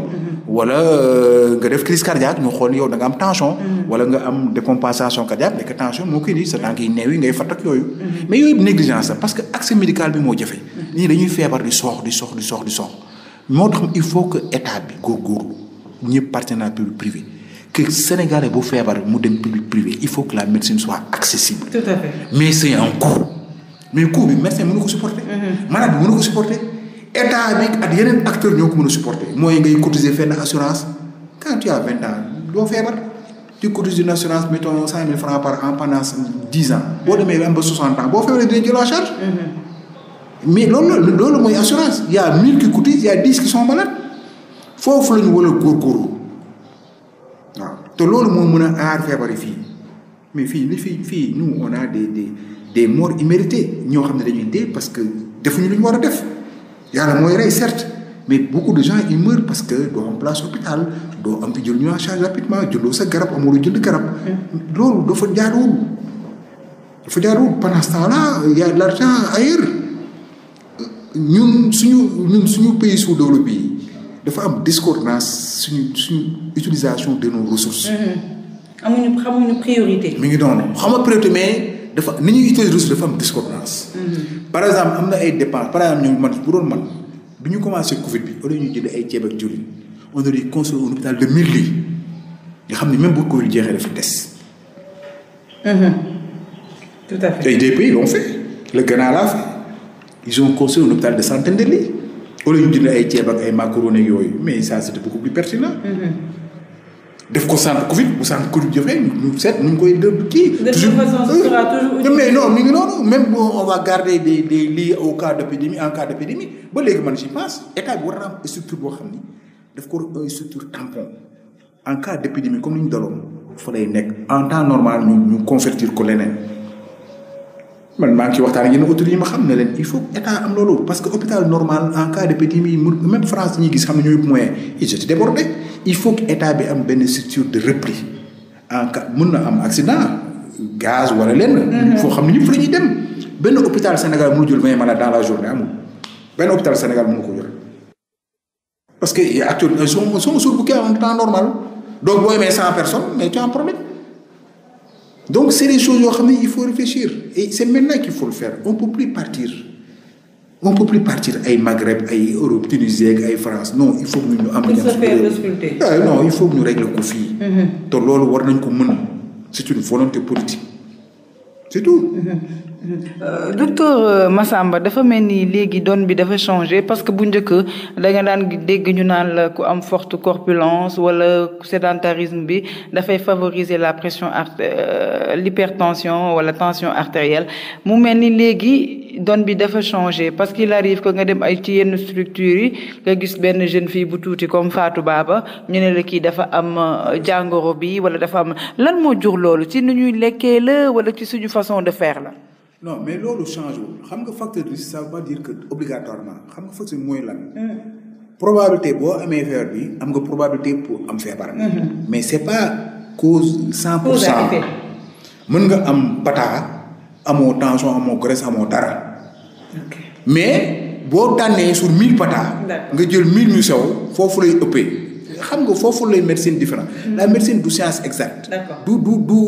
wala euh, nga def crise cardiaque ñu xool yow da nga am tension. Mm-hmm. wala nga am décompensation cardiaque di sa tànk yi néew yi ngay fatt ak yooyu. Mm-hmm. mais que accès médical bi moo jafe. Mm-hmm. nii dañuy feebar di soox di soox di public privé. que Sénégalais bu feebar mu dem public privé il faut que la médecine soit accessible. tout en fait mais c'est un coût mais coût bi supporter. malade bi mënu ko supporter. état bi ak yeneen acteurs ñoo ko mën a supporter mooy ngay cotiser fenn assurance quand tu vingt ans doo feebar tu cotises une assurance mettons cent mille francs par an pendant dix ans boo demee ba am ba soixante ans boo feebaree dinañ jël en charge. Mm-hmm. mais loolu loolu mooy assurance il y a mille qui dix qui sont foofu la ñu war a góorgóorlu waaw te loolu moo mun a aar feebar yi fii mais fii li fii fii nous on a des des des morts imméritées ñoo xam ne dañuy dee parce que defuñu lu ñu war a def. yàlla mooy rey certes mais beaucoup de gens ils meurent parce que doo am place hôpital doo am fi jël ñu en charge rapidement jëndoo sa garab amuloo jënd garab. loolu dafa jaaduwul. dafa jaaduwul pendant ce temps là y a de l'argent ailleurs ñun suñu ñun suñu pays sous-développé yi dafa am discordance suñu suñu utilisation de nos ressources. Mmh. amuñu mi ngi noonu xam priorité mais. dafa ni ñuy utiliser ressources dafa am discordance. Mm-hmm. par exemple am na ay dépenses par exemple ñoom man bu doon man bi ñu commencé Covid bi au ñu jënd ay ceeb ak jur on aurait construit un hôpital de mille lits nga xam ne jeexee dafa des. Mm-hmm. tout à fait. et des pays l'ont fait le Ghana l'a fait ils ont construit un hôpital de centaines de lits au lieu ñu jënd ay ceeb ak ay macaroni yooyu mais ça c'était beaucoup plus pertinent. Mm-hmm. def ko centre Covid bu centre Covid jëfee ñu seet nu ñu koy déglu kii. toujours mais non mi ngi noonu même bu on va garder des des lits au cas d'épidémie en cas d'épidémie ba léegi man je pense état bi war boo xam ni daf ko war structure tampon en cas d'épidémie comme nekk en temps normal ñu ñu ko leneen. man maa ngi ci waxtaan ak yenn autorités ma xam ne leen il faut état am loolu parce que hôpital normal en cas d'épidémie même France ñuy gis xam ne ñooy moyen ils il faut que état bi am benn structure de repli en cas mën na am accident gaz wala lenn. foo xam ne ñëpp la ñuy dem. benn hôpital Sénégal mënu jël vingt malades dans la journée amul benn hôpital Sénégal mënu ko jël parce que actuellement sont sont surbookés en temps normal donc boo yemee cent personne mais tu as un problème donc c'est des choses yoo xam ne il faut réfléchir et c'est maintenant qu'il faut le faire on peut plus partir. on peut plus partir ay Maghreb ay Europe Tunisie ay France non il faut que ñu ah, ko fii. Mhm. te loolu war nañ ko mën c'est une volonté politique c'est tout. Mhm. Euh, docteur euh, Massamba dafa mel ni léegi doon bi dafa changé parce que bu njëkk da daan dégg ñu naan la ku am forte corpulence wala sédentarisme bi dafay favoriser la pression art euh, l'hypertension wala tension artérielle mu mel ni léegi. don bi dafa changé parce qu'il arrive que nga dem ay ci yenn structures yi nga gis benn jeune fille bu tuuti comme Fatou Baba ñu ne la kii dafa am euh, jàngoro bi wala dafa am lan moo jur loolu ci nu ñuy lekkee la wala ci suñu façon de faire la. non mais loolu changé wul xam nga facteur risque ça pas dire que obligatoirement xam nga facteur mooy la probabilité boo amee feebar bi am nga probabilité pour am feebar. mais c'est pas cause. cent pour cent mën nga am bataa. amoo tension amoo graisse amoo dara. mais boo tànnee sur mille pata. nga jël mille ñu sew foofu lay ëppee. xam nga foofu lay médecine différent mm. la médecine du science exacte. du du du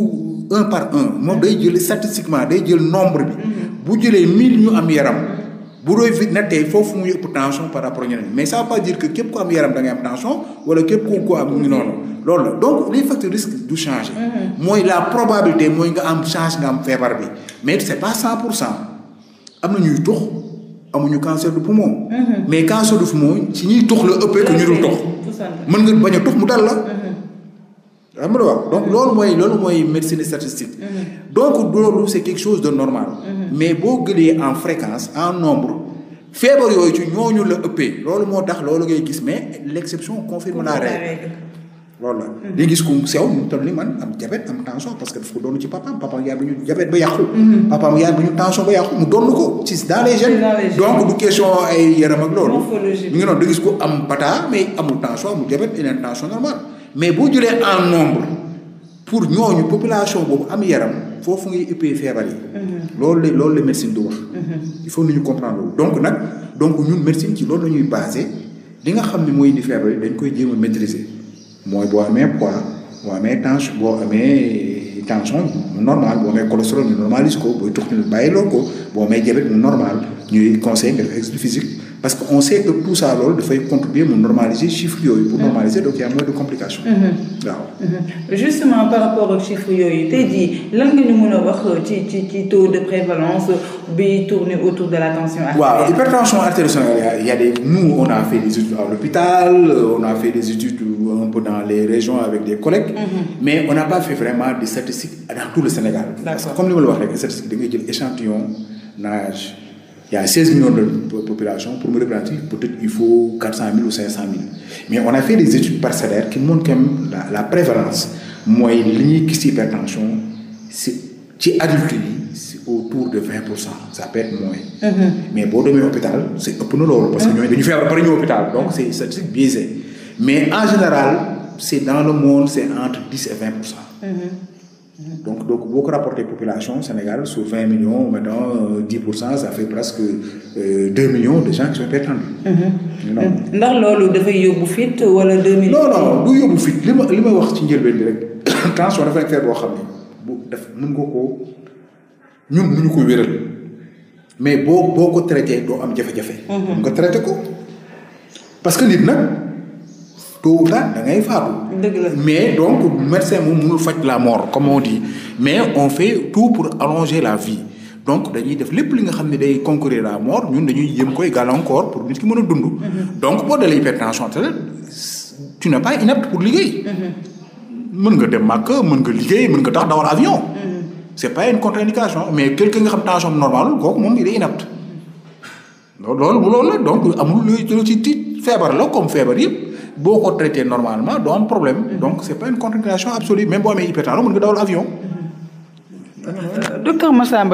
un par un moom day jël statistiquement day jël nombre bi. Mm. bu jëlee mille ñu am yaram. Mm. bu doy fi nattee foofu muy ëpp tension par rapport ñeneen mais ça veut pas dire que képp ku am yaram da ngay am tension wala képp ko ko am ñu noonu. loolu la donc les facteurs risques du changer. Mm-hmm. mooy la probabilité mooy nga am change nga am feebar bi mais c'est pas cent pour cent am na ñuy tux amuñu cancer du poumon. Mm-hmm. mais cancer du poumon ci ñuy tux la ëppee ko ñu dul tux. mën nga bañ a tux mu dal la. Mm-hmm. xam donc loolu mooy loolu mooy médecine statistique. donc loolu c'est quelque chose de normal. mais boo gëlee en fréquence en nombre. feebar yooyu ci ñooñu la ëppee loolu moo tax loolu ngay gis mais l'exception confirme la règle loolu la di gis ku sew mu toll ni man am jabet am tension parce que daf ko doon ci papaam papaam yaay bu ñu jabet ba yàqu mhm. papaam yaay bu ñu tension ba yàqu mu doon ko ci dans les gènes donc du question ay yaram ak loolu ñu ngi noonu di gis ku am bata mais amul tension amul jabet une tension normale mais boo jëlee en nombre pour ñooñu population boobu am yaram foofu ngay ëppee feebar yi mhm. loolu la loolu la médecine du wax mhm. il faut nañu comprendre loolu donc nag donc ñun médecine ci loolu la ñuy basé li nga xam ne mooy indi feebar yi dañ koy jéem a maîtriser mooy boo amee poids boo amee tension boo amee tension normal boo amee cholestérol ñu normalise ko booy tux ñu bàyyiloo ko boo amee diabète mu normal ñuy conseil nga def exercice physique parce que on sait que tout ça loolu dafay contribuer mu normaliser chiffre yooyu. pour mm-hmm. normaliser donc y a moins de complications. Mm-hmm. Mm-hmm. justement par rapport ak chiffre yooyu tey jii lan nga ñu mën a wax ci ci ci taux de prévalence bi tourner autour de la tension artérielle. waaw hypertension artérielle y a des nous on a fait des études à l'hôpital on a fait des études un peu dans les régions avec des collègues. mais on n'a pas fait vraiment des statistiques y a 16 millions de population pour me représenter peut-être il faut 400 000 ou 500 mais on a fait des études parcellaires qui montrent quand la, prévalence mooy li ñuy gis ci hypertension ci adulte yi c'est autour de 20 pour cent ça peut être moins. Mm-hmm. mais boo demee hôpital c'est ëpp na loolu. parce que ñooñu mm-hmm. dañu feebar ba ñu hôpital donc c'est statistique biaisé mais en général c'est dans le monde c'est entre 10 et 20 pour cent. Mm-hmm. donc donc boo ko rapporté population Sénégal sur vingt millions maintenant euh, dix pour cent ça fait presque euh, deux millions de gens qui sont prétendus. Mm-hmm. Mm-hmm. ndax loolu dafay yóbbu fit wala deux millions. non du yóbbu fit li ma li ma wax ci njëlbeen bi rek tension dafa nekk affaire boo xam ne bu daf mën nga ko ñun mënuñu ko wéral mais boo boo ko traité doo am jafe-jafe. Mm-hmm. nga traité ko parce nit nag. tôt ou tard da ngay faatu. dëgg la mais donc médecin moom mënul faj la mort comme on dit mais on fait tout pour allonger la vie. donc dañuy def lépp li nga xam ne day concourir la mort ñun dañuy yëm koy gàllankoor pour nit ki mën a dund. Mm-hmm. donc boo dalee hypertension te tu n'es pas inapte pour liggéey. Mm-hmm. mën nga dem màkk mën nga liggéey mën nga tax dawal avion. Mm-hmm. c'est pas une contre-indication mais quelqu'un nga xam tension normale kooku moom il est inapte. loolu loolu la donc amul lu ci tiit feebar la comme feebar yëpp. boo ko traité normalement doo am problème donc c' est pas une contre-indication absolue même boo amee hypertension mën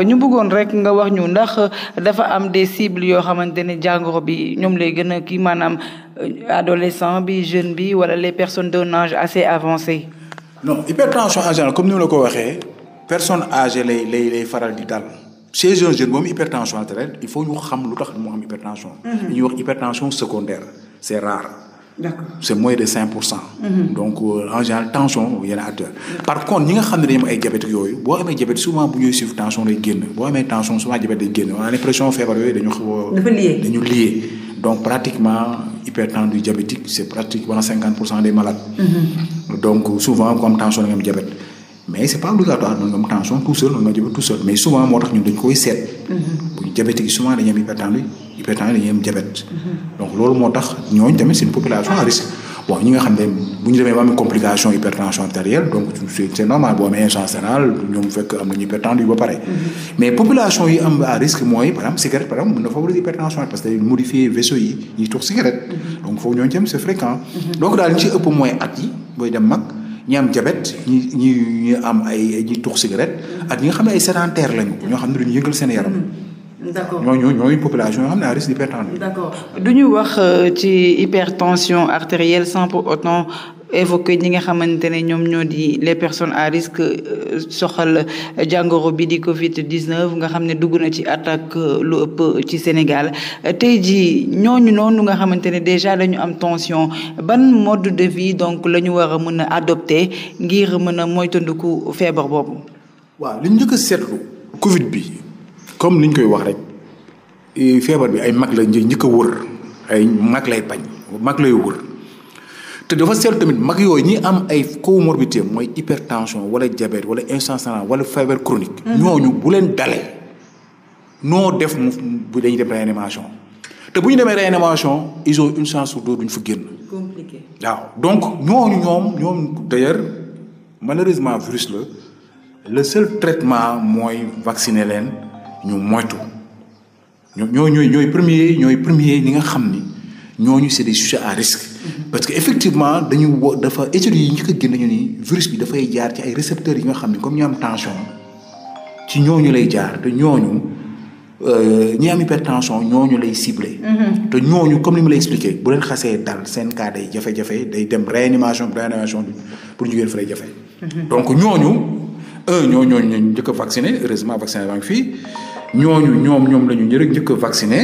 ñu bëggoon rek nga wax ñu ndax dafa am des cibles yoo xamante ne jàngoro bi ñoom lay gën a kii maanaam euh, adolescent bi jeune bi wala les personnes d'un âge assez avancé. no hypertension en général comme ni ma la ko waxee personne âgée lay lay lay faral di dal chez un jeune boobu hypertension artérielle il faut ñu xam lu tax moo am hypertension. Mhm. li ñuy wax hypertension secondaire c' c'est moins de 5 pour cent. Mm-hmm. donc euh, en tension yenn acteur par contre ñi nga xam ne dañu ay diabète yooyu boo amee diabète souvent bu ñuy suivre tension day génn boo amee tension souvent diabète day génn on a l'impression feebar yooyu dañu xaw donc pratiquement hypertendu diabétique c'est pratiquement 50 pour cent des malades mm-hmm. donc souvent ku tension da nga am diabète mais c'est pas obligatoire mën nga am tension tout seul mën nga diabète tout seul mais souvent moo tax ñun dañu koy seet mm-hmm. hypertension dañuy am diabète donc loolu moo tax ñooñu tamit c'est une population à risque bon ñi nga xam ne bu ñu demee ba am complication hypertension artérielle donc c'est normal ba pare mais population yi am mooy par exemple cigarette par exemple mën na favoriser hypertension parce que day modifier vaisseau yi ñuy tux cigarette donc at dem mag ñi am diabète ñu am ay ñi tux cigarette ak nga xam ne ay sédentaire lañu ñoo xam ne duñu yëngal seen yaram d'accord ñooñu ñooy population yoo xam ne à risque du ñu wax euh, ci hypertension artérielle sans pour autant évoquer ñi nga xamante ne ñoom ñoo di les personnes à risque euh, soxal jàngoro bi di Covid 19 nga xam ne dugg na ci attaque euh, lu ëpp ci Sénégal tey jii ñooñu noonu nga xamante ne déjà dañu am tension ban mode de vie donc la ñu war a mën a adopter ngir mën a moytandiku feebar boobu. waaw njëkk seetlu Covid bi. comme niñ koy wax rek feebar bi ay mag la njëkk a wër ay mag lay bañ mag lay wër te dafa seetlu mag yooyu ñi am ay comorbidité mooy hypertension wala diabète wala insuffisance rénale wala feebar chronique. Mhm. ñooñu bu leen dalee noo def mu bu dañuy dem réanimation te bu ñu demee réanimation ils ont une chance sur ñu duñ fa génn. compliqué waaw donc ñooñu ñoom ñoom d'ailleurs malheureusement virus la le seul traitement mooy vacciner leen. ñu moytu ñoo ñooñu ñooy premier ñooy premier ñi nga xam ni ñooñu c'est des sujets à risque. Mm-hmm. parce que effectivement dañu wo dafa études yi ñu ko génne ni virus bi dafay jaar ci ay récepteurs yi nga xam ni comme ñu am tension ci ñooñu lay jaar te ñooñu euh, ñi am hypertension ñooñu lay ciblé. Mm-hmm. te ñooñu comme ni ma lay expliqué bu leen xasee dal seen cas day jafe-jafe day dem réanimation réanimation pour ñu gën fa lay jafe. Mm-hmm. donc ñooñu un ñooñu ñooñu njëkk a vacciné heureusement vacciné ñooñu ñoom ñoom la ñu njëriñ njëkk a vacciné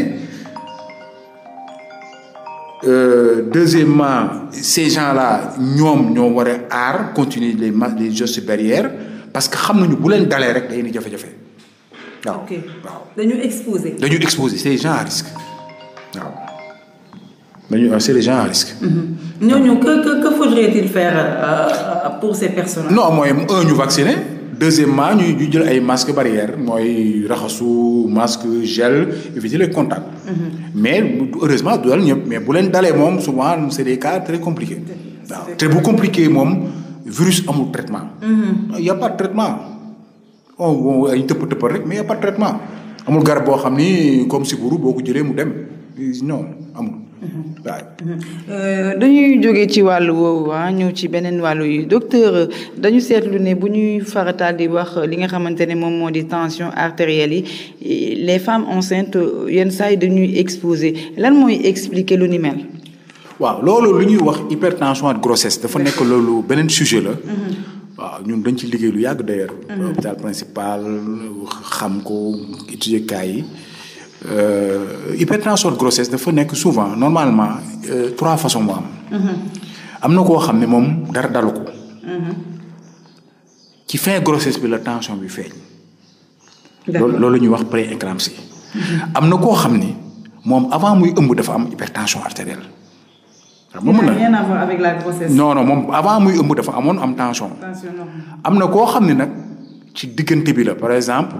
euh, deuxièmement ces gens là ñoom ñoo war a aar continuer les ma les gestes parce que xam nañu bu leen dalee rek day indi jafe-jafe waaw. ok waaw dañu exposé. dañu exposé c'est gens à risque waaw c'est les gens à risque. Mhm. ñooñu que faudrait-il faire euh, pour ces personnes. non mooy un ñu vacciner. deuxièmement ñuy ñu jël ay masque barrière mooy raxasu masque gel éviter les contacts mm-hmm. mais heureusement du dal ñëpp mais bu leen dalee moom souvent c'est des cas très compliqués waaw te bu compliqué moom virus amul traitement mm-hmm. y a pas traitement o oh, ay tëpp tëppal rek mais y a pas traitement amul garab boo xam ni comme siburu boo ko jëlee mu dem non amul waaw. Mm-hmm. Euh, dañuy jóge ci wàll woowu ah ñëw ci beneen wàll yi docteur dañu seetlu ne bu ñuy farataal di wax li nga xamante ne moom moo di tension artérielle yi les femmes enceintes yenn saa yi dañuy exposé lan mooy expliquer lu ni waaw loolu lu ñuy wax hypertension de grossesse dafa nekk mm-hmm. loolu beneen sujet la. Mm-hmm. waaw ñun dañ ci liggéey lu yàgg d'ailleurs. hôpital principal xam ko étudier yi. Euh, hypertension de grossesse dafa nekk souvent normalement euh, trois façons moo mm-hmm. am. na koo xam ne moom dara dalu ko. Mm-hmm. ci fin grossesse bi la tension bi feeñ. loolu loolu ñuy wax pré-éclampsie. Mm-hmm. am na koo xam ni moom avant muy ëmb dafa am hypertension artérielle. xam mën na rien non non moom avant muy ëmb dafa amoon am tension. am na koo xam ne nag ci diggante bi la par exemple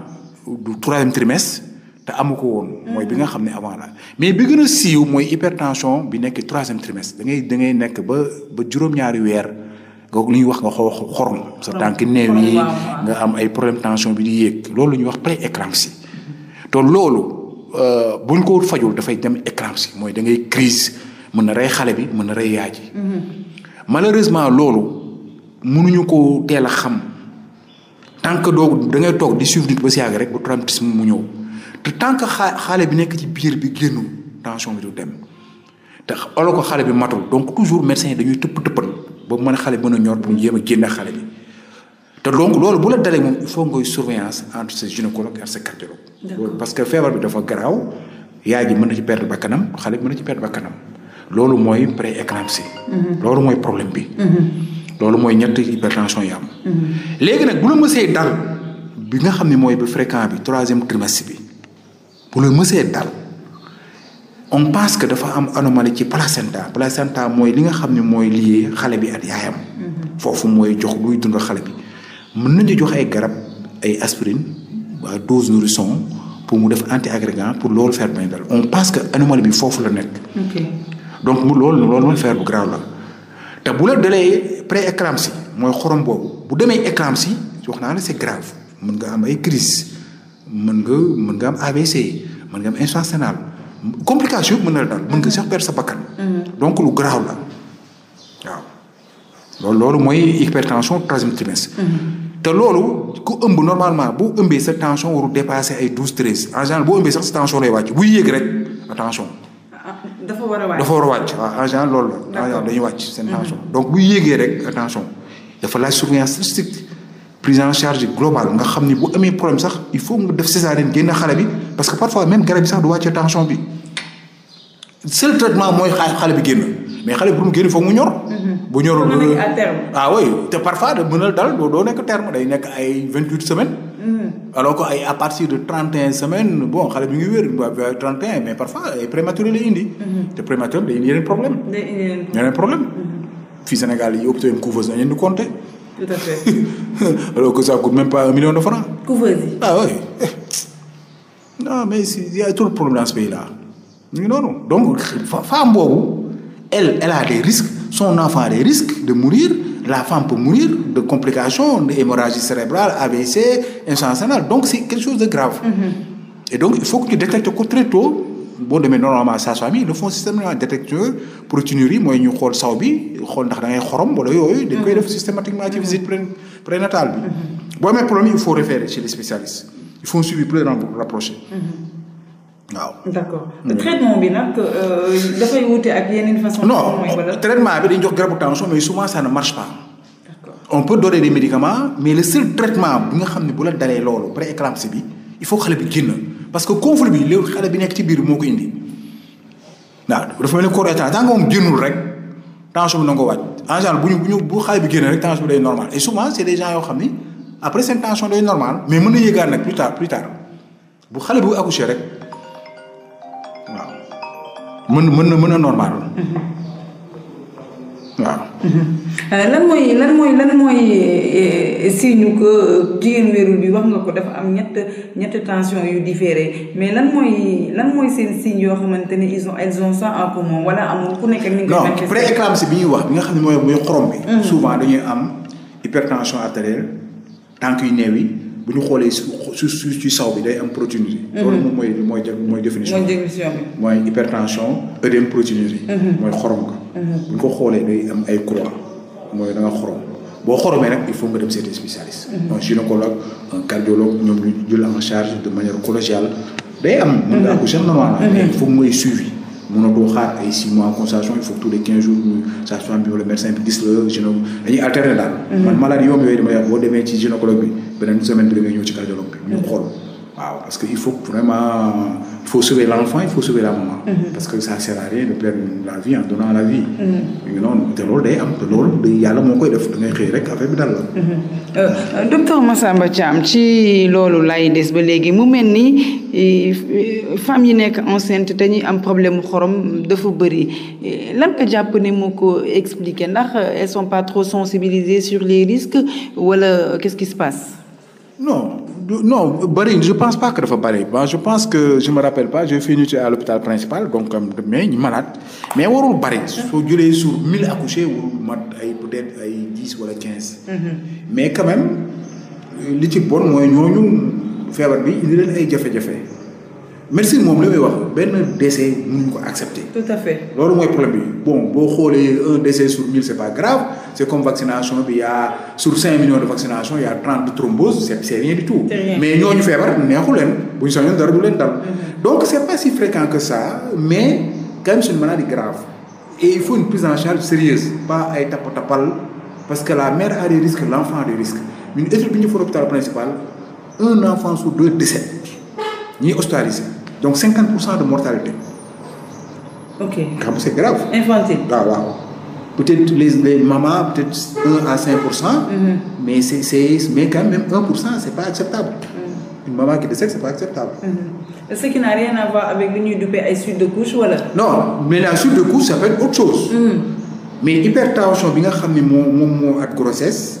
du troisième trimestre. te amu ko woon. mooy bi nga xam ne avant la mais bi gën a siiw mooy hypertension bi nekk troisième trimestre dangay ngay da ngay nekk ba ba juróom-ñaari weer. nga lu ñuy wax nga xoo xorom sa tànk néew yi nga am ay problème tension bi di yéeg loolu lu ñuy wax pré-éclampsie te loolu euh, buñ ko fajul dafay dem éclampsie mooy da ngay crise mën na rey xale bi mën na rey yaay ji mm-hmm. malheureusement loolu mënuñu ko teel a xam tant que doo da ngay toog di suivre nit ba si yàgg rek bu traumatisme mu ñëw te tant que xa xaale bi nekk ci biir bi génnu tension bi du dem te olo ko xale bi matul donc toujours médecin yi dañuy tëpp tëppan ba mën a xale bi mën a ñor pour ñu jéem a génne xale bi te donc loolu bu la dalee moom il faut ngay surveillance entre ses gynécologue ak ses cardiologue loolu parce que feebar bi dafa garaaw yaay ji mën na ci xale bi na ci perdre bakkanam loolu mooy mhm. loolu mooy problème bi mhm. loolu mooy ñett hypertension yi am mhm. léegi nag bu la mësee dal bi nga xam ni mooy ba fréquent bi troisième trimestre bi bu la mësee dal on pense que dafa am anomalie ci placenta placenta mooy li nga xam ne mooy lié xale bi ak yaayam. Mm-hmm. foofu mooy jox luy dund xale bi mën nañu jox ay garab ay aspirine waa dose nourrisson pour mu def anti-agrégant pour loolu feebar bañ dal on pense que anomalie bi foofu la nekk. donc mu loolu loolu mooy feebar bu grave la te bu la dalee pré-éclampsie mooy xorom boobu bu demee éclampsie wax naa la c'est grave mën nga am ay crise mën nga mën nga am AVC mën nga am insuffisance rénale complication yëpp mën na la daal mën nga sax sa bakkan. Mm-hmm. donc lu garaaw la waaw. loolu loolu mooy hypertension troisième trimestre. Mm-hmm. te loolu ku ëmb normalement bu ëmbee sa tension waru dépasser ay douze treize en général boo ëmbee sax sa tension lay wàcc buy yéeg rek attention. Ah, ah, a wàcc dafa war a wàcc waaw ah, en général loolu la. dañu wàcc seen tension. Mm-hmm. donc bu yéegee rek attention dafa laaj surveillance stricte prise en charge globale nga xam ni bu amee problème sax il faut nga def césarienne génn xale bi parce que parfois même garab bi sax du wàcce tension bi seul traitement mooy xale bi génn mais xale bi pour mu mu ñor. Mhm. bu ñorul loolu ah parfois da mën a dal doo doo nekk terme day nekk ay vingt huit semaines. Mhm. alors que ay à partir de trente et un semaines bon indi. Mhm. te prématuré day indi yeneen problème. day Sénégal yi hôpitaux yi couveuse compter. tout à fait. alors que ça coûte même pas un million de francs. couveuse yi ah oui eh. non mais y a tout le problème dans ce pays là. ñu ngi noonu donc femme boobu elle elle a des risques son enfant a des risques de mourir la femme peut mourir de complications d'hémorragie cérébrale AVC insuffisance rénale donc c'est quelque chose de grave. Mm -hmm. et donc il faut que ñu détecte ko très tôt. boo demee normalement sage-femme yi le font systématiquement détecteur proteinurie yi mooy ñu xool saw bi xool ndax da ngay xorom wala yooyu. dañ koy def systématiquement ci mm-hmm. visite prénatale bi. Mm-hmm. boo amee problème il faut référer chez les spécialistes il faut un suivi plus rapproché. Mm-hmm. waaw d'accord traitement bi nag euh, dafay wute ak yeneen façon. non traitement bi dañ jox garabu tension mais souvent ça ne marche pas. on peut donner des médicaments mais le seul traitement bu nga xam ne bu la dalee loolu pré-éclampsie bi il faut xale bi parce que conflit bi léegi xale bi nekk ci biir moo ko indi waaw dafa mel ni corps état tant moom génnul rek tension bi na nga ko en général bu ñu bu ñu bu xale bi génne rek tension bi day normal et souvent c' est des gens yoo xam ni après seen tension day normal mais mën na yëgaat nag plus tard plus tard bu xale bu accouché rek waaw mën mën na mën na normal. Mm-hmm. waaw. Euh, lan mooy lan mooy lan mooy euh, signe que jigéen wérul bi wax nga ko dafa am ñett ñett tension yu différé mais lan mooy lan mooy seen signe yoo xamante ne ils ont elles ont ça en commun wala amul ku nekk ak ni nga. non pré-éclampsie bi ñuy wax bi nga xam ne mooy mooy xorom bi. Mhm. souvent dañuy am hypertension artérielle tànk yu néew bu ñu xoolee su su ci saw bi day am protéinurie. Mhm. loolu moom mooy mooy mooy définition bi. mooy hypertension œdème protéinurie. Mhm. mooy xorom nga. Mhm. bu ñu ko xoolee day am ay croix mooy da xorom boo xoromee nag il faut nga dem seeti spécialiste. un gynécologue un cardiologue ñoom ñu jël en charge de manière collégiale day am. mën ngaa ko sax normal mais il faut mooy suivi. mënatoo xaar ay 6 mois consultation il faut que tous les 15 jours ñu saa su bi wala médecin bi gis daal. Mhm. man maladie yomb yooyu dama yàgg boo demee ci gynécologue bi beneen semaine bi da ñëw ci cardiologue bi ñu mhm. xool. waaw parce que il faut vraiment il faut sauver la maman. Mm-hmm. parce que ça sert à de perdre la vie en donnant la vie. ñu mm-hmm. noonu te loolu day am te yàlla moo koy def da ngay xëy rek affaire bi dal la. Mm-hmm. Euh, docteur Massamba Thiam ci loolu lay des ba léegi mu mel nii femmes yi nekk enceinte te ñuy am problème mu xorom dafa bëri lan jàpp ne moo ko expliquer ndax elles sont pas trop sensibilisées sur les risques wala quest qui se passe. non. non bëri je pense pas que dafa bëri bon je pense que je me rappelle pas j'ai fini à l'hôpital principal donc euh, mais ñu malade mais warul bëri soo jëlee sur mille accouchés warul mat ay peut-être ay dix wala quinze mm-hmm. mais quand euh, li ci bon mooy ñooñu feebar bi indi leen ay jafe-jafe médecine moom li muy wax benn décès mënuñu ko accepter. à fait loolu mooy problème bi bon boo xoolee un décès sur mille c' pas grave c' comme vaccination bi y' a sur cinq de vaccination y' a trente thromboses c' rien du tout. mais ñooñu feebar neexu leen bu ñu soñoon dara du leen dal. Mm-hmm. donc c' pas si fréquent que ça mais quand même c' est grave. et il faut une prise en charge sérieuse pas ay tappa tappal parce que la mère a des risques l' enfant a des risques ñun étude bi ñu fa hôpital principal un donc 50 pour cent de mortalité. ok xam c'est grave. infantile waaw ah, waaw. peut-être les les mamans peut-être 1 à pour cent. Mm-hmm. mais c'est c'est mais quand même 1 pour cent c'est pas acceptable. Mm-hmm. une maman qui décède c'est pas acceptable. Mm-hmm. ce qui n'a rien à voir avec li ñuy duppee ay suite de couche non mais la suite de couche ça autre chose. Mm. mais hypertension bi nga xam ne moo moom grossesse.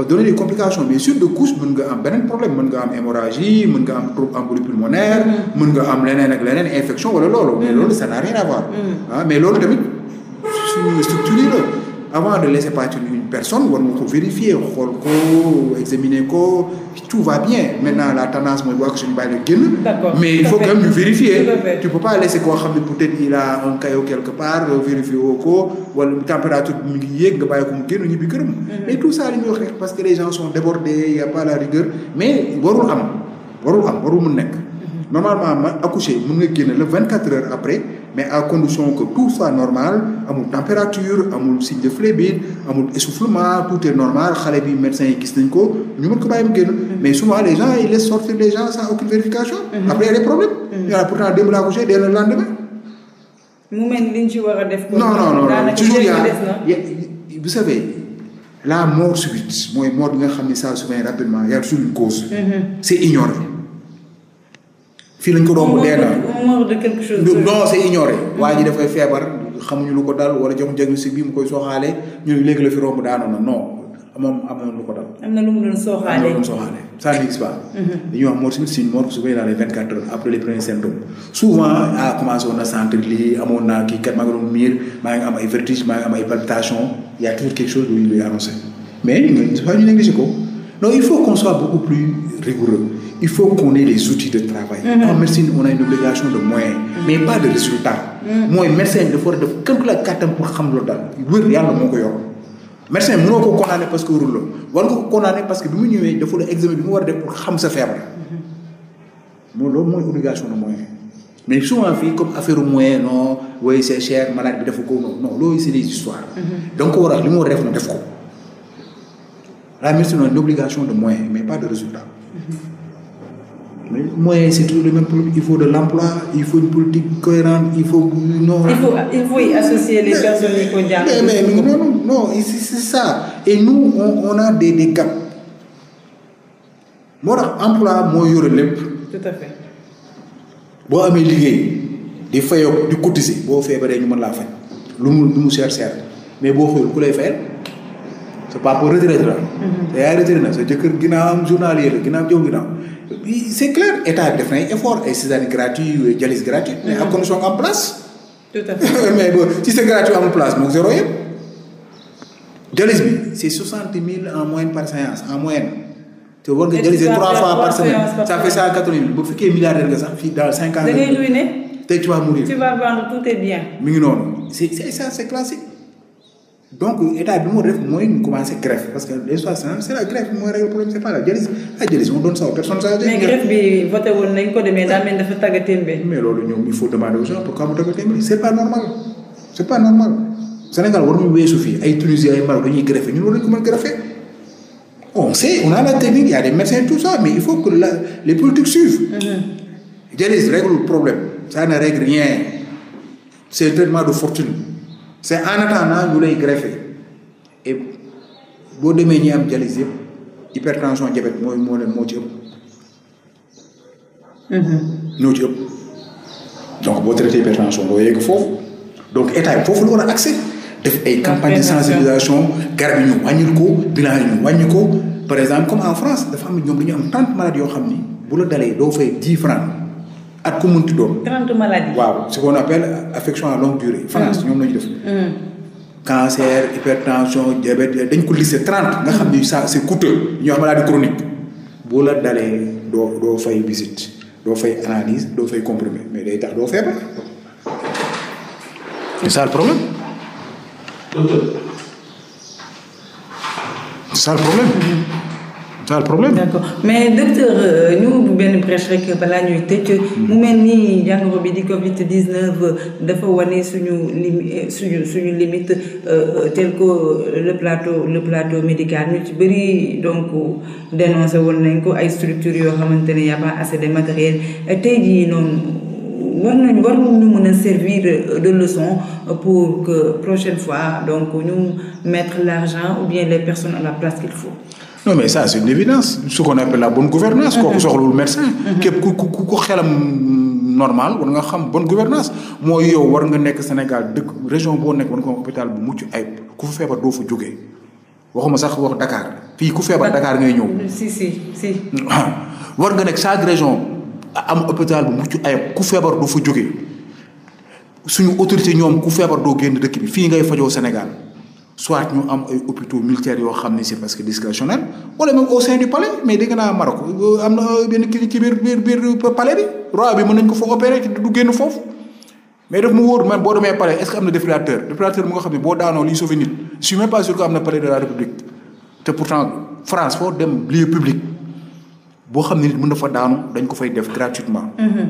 ba donner des complications mais sur de couche mën nga am beneen problème mën nga am hémorragie mën nga am trouble embolie pulmonaire mm. mën nga am leneen ak leneen infection wala loolu mais mm. loolu ça n'a rien à mm. ah, mais loolu tamit suñu structure la avant de laisser partir une personne war nga ko vérifier xool ko examiner ko tout va bien maintenant la tendance mooy wax suñu bàyyi la génn. mais il faut quand même ñu vérifier. tu peux pas laisser koo xam ne peut-être il a un caillot quelque part vérifier woo ko wala température bi mu ngi yéeg nga bàyyi ko mu génn ñibbi këram. Mm-hmm. mais tout ça li ñuy wax parce que les gens sont débordés y a pas la rigueur mais warul am warul am warul mun nekk. normalement ma accoucher mën nga génn le vingt quatre heures après mais à condition ko tout soit normal amul température amul signe de phlébite amul essoufflement tout est normal xale bi médecin yi gis nañ ko ñu mën ko bàyyi mu génn. Mm-hmm. mais souvent les gens ils laissent sortir vérification. Mm-hmm. après y a des problèmes. Mm-hmm. y a pourtant démb laa accouché dès mu mel ni ñu ci war a def. non non non toujours y a vous savez la mort subite mooy mort bi nga xam ni ça se fait rapidement y fii lañ ko romb dee na non c'est ignoré waa ji dafay feebar xamuñu lu ko dal wala jox diagnostic bi mu koy sooxaale ñu ne léegi la fi romb daanu na am na lu ko dal. am na lu mu doon sooxaale am na lu mu sooxaale ça n'existe pas. Mm-hmm. dañuy wax vingt quatre après les premiers symptômes souvent a ah, commencé woon na sentir lii amoon naa kii kat maa ngi doon miir maa ngi am ay vertiges maa ngi am ay palpitations y a toujours quelque chose lu ñuy annoncé mais ñun dafa ko. Donc il faut qu'on soit beaucoup plus rigoureux. Il faut qu'on les outils de travail. Mm -hmm. on a une obligation de moyens, mm-hmm. mais pas de résultats. Mm-hmm. mooy médecin dafa war a def kéem la kàttan pour xam loolu daal ko yor. médecin bi ko parce que wóorul la war parce que bi mu ñëwee dafa la a def pour xam sa feebar. Mm-hmm. mooy obligation de moyen. mais souvent fii comme affaire moyen no oui c'est cher malade bi dafa ko non non loolu c'est des histoires. da ko war a li mu war a def mu def ko. la ministre a une obligation de moyens mais pas de résultats. mais moyens c'est toujours le même problème il faut de l'emploi il faut une politique cohérente il faut non. il faut il faut y associer et nous on on a des des gaps moo tax emploi moo yore lépp. tout à fait. boo amee liggéey di fayoo di cotiser boo feebaree ñu mën laa faj lu mu lu mu cher cher mais boo xool ku lay fayal. sa papa mm-hmm. retraité la. sa yaay retraité na sa jëkkër ginnaawam journalier la ginnaaw jëw ginnaaw. c' est état def na ay effort ay césarienne gratuite dialyse gratuite. mais ak condition am place. si c' est gratuit amul place bi c' est soixante mille en moyenne par séance en moyenne. te war nga dialyser trois fois par semaine ça fait cent quatre mille bu fekkee milliardaire nga sax fii dans cinq ans. da mi ngi noonu c' est ça c' donc état bi moo def mooy ñu commencé grève parce que les soixante c' est la grève mooy règle problème c' est pas la dialyse la dialyse ñu weesu fii ay Tunisie ay Maroc dañuy greffé ñun war nañu ko mën a la technique y a des médecins tout mais il faut que la les politiques suivent. Mm-hmm. dialyse règle problème ça ne règle rien c' est un traitement de fortune. c' est en attendant ñu lay greffé boo demee ñi am dialyse yëpp hypertension diabète mooy moo leen moo ci ëpp. Mm-hmm. ñoo donc boo traité hypertension doo yegg foofu donc état foofu la war a accès def ay campagne de sensibilisation garab yi ñu wàññil ko bilan yi ñu wàññi ko par exemple comme en France dafa am ñoom dañu am trente maladies yoo xam ni bu la dalee doo fay dix francs at ku munti doon. 30 maladies waaw ce qu'on appelle affection à longue durée. Mm. France ñoom la def. Mm. cancer hypertension diabète dañ ko listé 30 nga xam ni mm. ça c'est coûteux ñoo xam maladie chronique boo la dalee doo doo fay visite doo fay analyse doo fay comprimé mais day tax doo feebar. c'est ça le problème. c'est ça le problème. Mm-hmm. ça mais docteur euh, ñu ubbi benn brèche balaa ñuy tëj. mu mel ni jàngoro bi di Covid 19 euh, dafa wane suñu lim euh, suñu suñu limite tel que le plateau le plateau médical ñu ci bëri donc dénoncé woon nañ ko ay structures yoo xamante ne y a pas assez de matériel tey jii noonu. war nañu war ñu mën a servi de leçon pour que prochaine fois donc ñu mettre l'argent ou bien les personnes à la place qu'il faut non mais ça c'est une évidence ce qu'on appelle la bonne gouvernance kooku mm-hmm. soxlawul médecin mm-hmm. képp ku ku ku xelam normal war nga xam bon gouvernance mooy yow war nga nekk Sénégal dëkk région boo nekk war nga am hôpital bu mucc ayib ku fa feebar doo fa jógee waxuma sax wax Dakar fii ku feebar Dakar ngay ñëw si si si ah. war nga nekk chaque région am hôpital bu mucc ayib ku feebar doo fa jógee suñu autorité ñoom ku feebar doo génn dëkk bi fii ngay fajoo Sénégal soit ñu am ay hôpitaux militaires yoo xam ne c'est parce que discrétionnel wala même au sein du palais mais dégg naa Maroc euh, am na euh, benn kii ci biir biir biir bi roi bi mën nañ ko fa opérer du génn foofu mais daf mu wóor boo demee palais est-ce que am na défibrillateur défibrillateur mu nga xam ne boo daanoo liy sauver nit je suis même pas am na palais de la République te pourtant France foo dem lieu public boo xam ni nit mën na fa daanu dañ ko fay def gratuitement mm-hmm.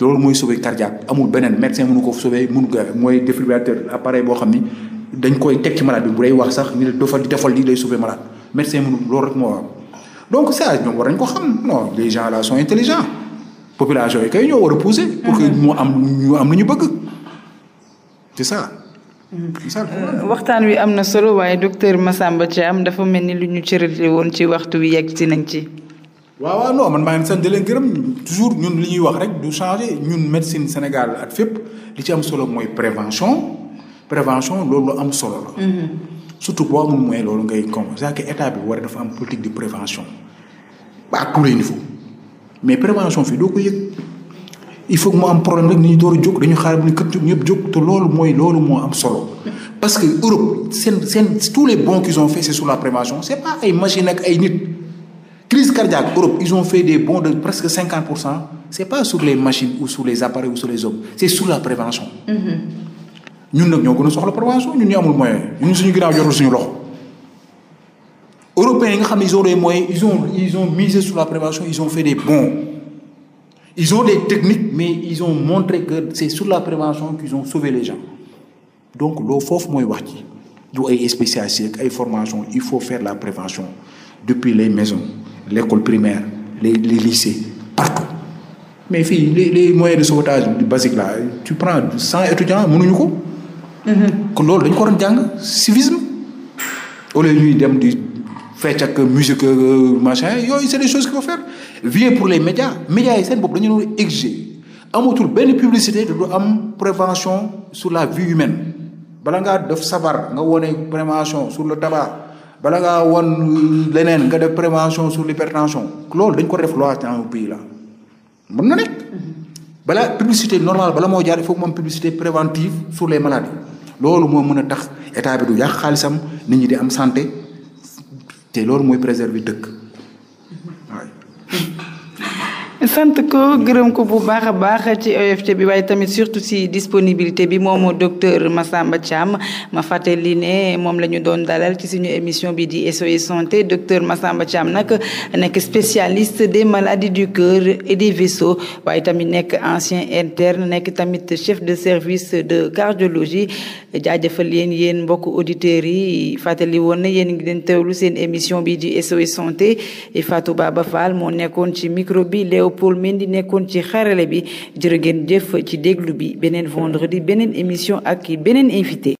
loolu mooy sauver cardiaque amul beneen médecin mënu ko sauver mënu mooy défibrillateur appareil boo xam ni dañ koy teg ci malade bi bu day wax sax ni la defal di defal lii day sauver malade médecin mënul loolu rek moo am donc ça ñoom war nañ ko xam non les gens là yi kay ñoo war a pousser. pour que mhm. ñu ñu am lu ñu bëgg c'est ça. Mhm. Euh, waxtaan wi am na solo waaye docteur Massamba am dafa mel ni lu ñu cërale woon ci waxtu wi yegg si nañ ci. waaw waaw non man maa ngi sant gërëm toujours ñun li ñuy wax rek du changer ñun médecine Sénégal at fépp li ci am solo mooy prévention. prévention loolu lu am solo la. Mhm. surtout boo amul moyen loolu ngay comme ça que état bi war dafa am politique de prévention ba à tous les niveaux mais prévention fii doo il faut mu am problème rek ñu door a jóg dañu xaar bu ñu këpp ñëpp jóg te loolu mooy loolu moo am solo. parce que Europe seen seen tous les bons qu'ils ont fait c'est sur la prévention c'est pas ay machine ak ay nit. crise cardiaque Europe ils ont fait des bons de presque cinquante pour cent c'est pas sur les machines ou sur les appareils ou sur les hommes c'est sur la prévention. Mhm. ñun nag ñoo gën a soxla prévention ñun ñu amul moyen ñun suñu ginnaaw jotul suñu loxo. européens yi nga xam ne ils ont des moyens ils ont ils sur la prévention ils ont fait des bons ils ont des technique mais ils ont montré que c'est sur la prévention qu'ils ont sauvé les gens donc loolu foofu mooy wax ci do ay spécialistes ak ay formations il faut faire la prévention depuis les maisons l'école primaire les les lycées partout mais fii les les moyens de sauvetage basique tu prends cent étudiants mënuñu ko kon loolu dañu ko waroon jàng civisme au lieu ñuy dem di fecc ak musique euh, machin yooyu c'est des choses qu'il faut faire viens pour les médias bopp dañu doon exiger amatul benn publicité da am prévention sur la vie bala ngaa def sabar nga wone prévention sur le tabac bala ngaa won euh, leneen nga def prévention sur l'hypertension loolu dañ ko def loi dans le mën na nekk mm-hmm. balaa publicité normale bala moo jaar il faut am publicité préventive sur les maladies loolu moo mën a tax état bi du yàq xaalisam ni ñi di am santé te loolu mooy préserver dëkk waaye sant ko gërëm ko bu baax a baax ci OFT bi waaye tamit surtout si disponibilité bi moom moomu docteur Massamba Thiam ma fàttali ne moom la ñu doon dalal ci suñu émission bi di SOS santé docteur Massamba Thiam nag nekk spécialiste des maladies du cœur waaye tamit nekk ancien interne nekk tamit chef de service de cardiologie jaajëfal yéen yéen mbokk auditeurs yi fàttali woon na yéen ngi leen teewlu seen émission bi di SOS santé et Fatou Baba Fall moo nekkoon ci micro bi Paul Mendy nekkoon ci xarale bi jërë ngeen jëf ci déglu bi beneen vendredi beneen émission ak beneen invité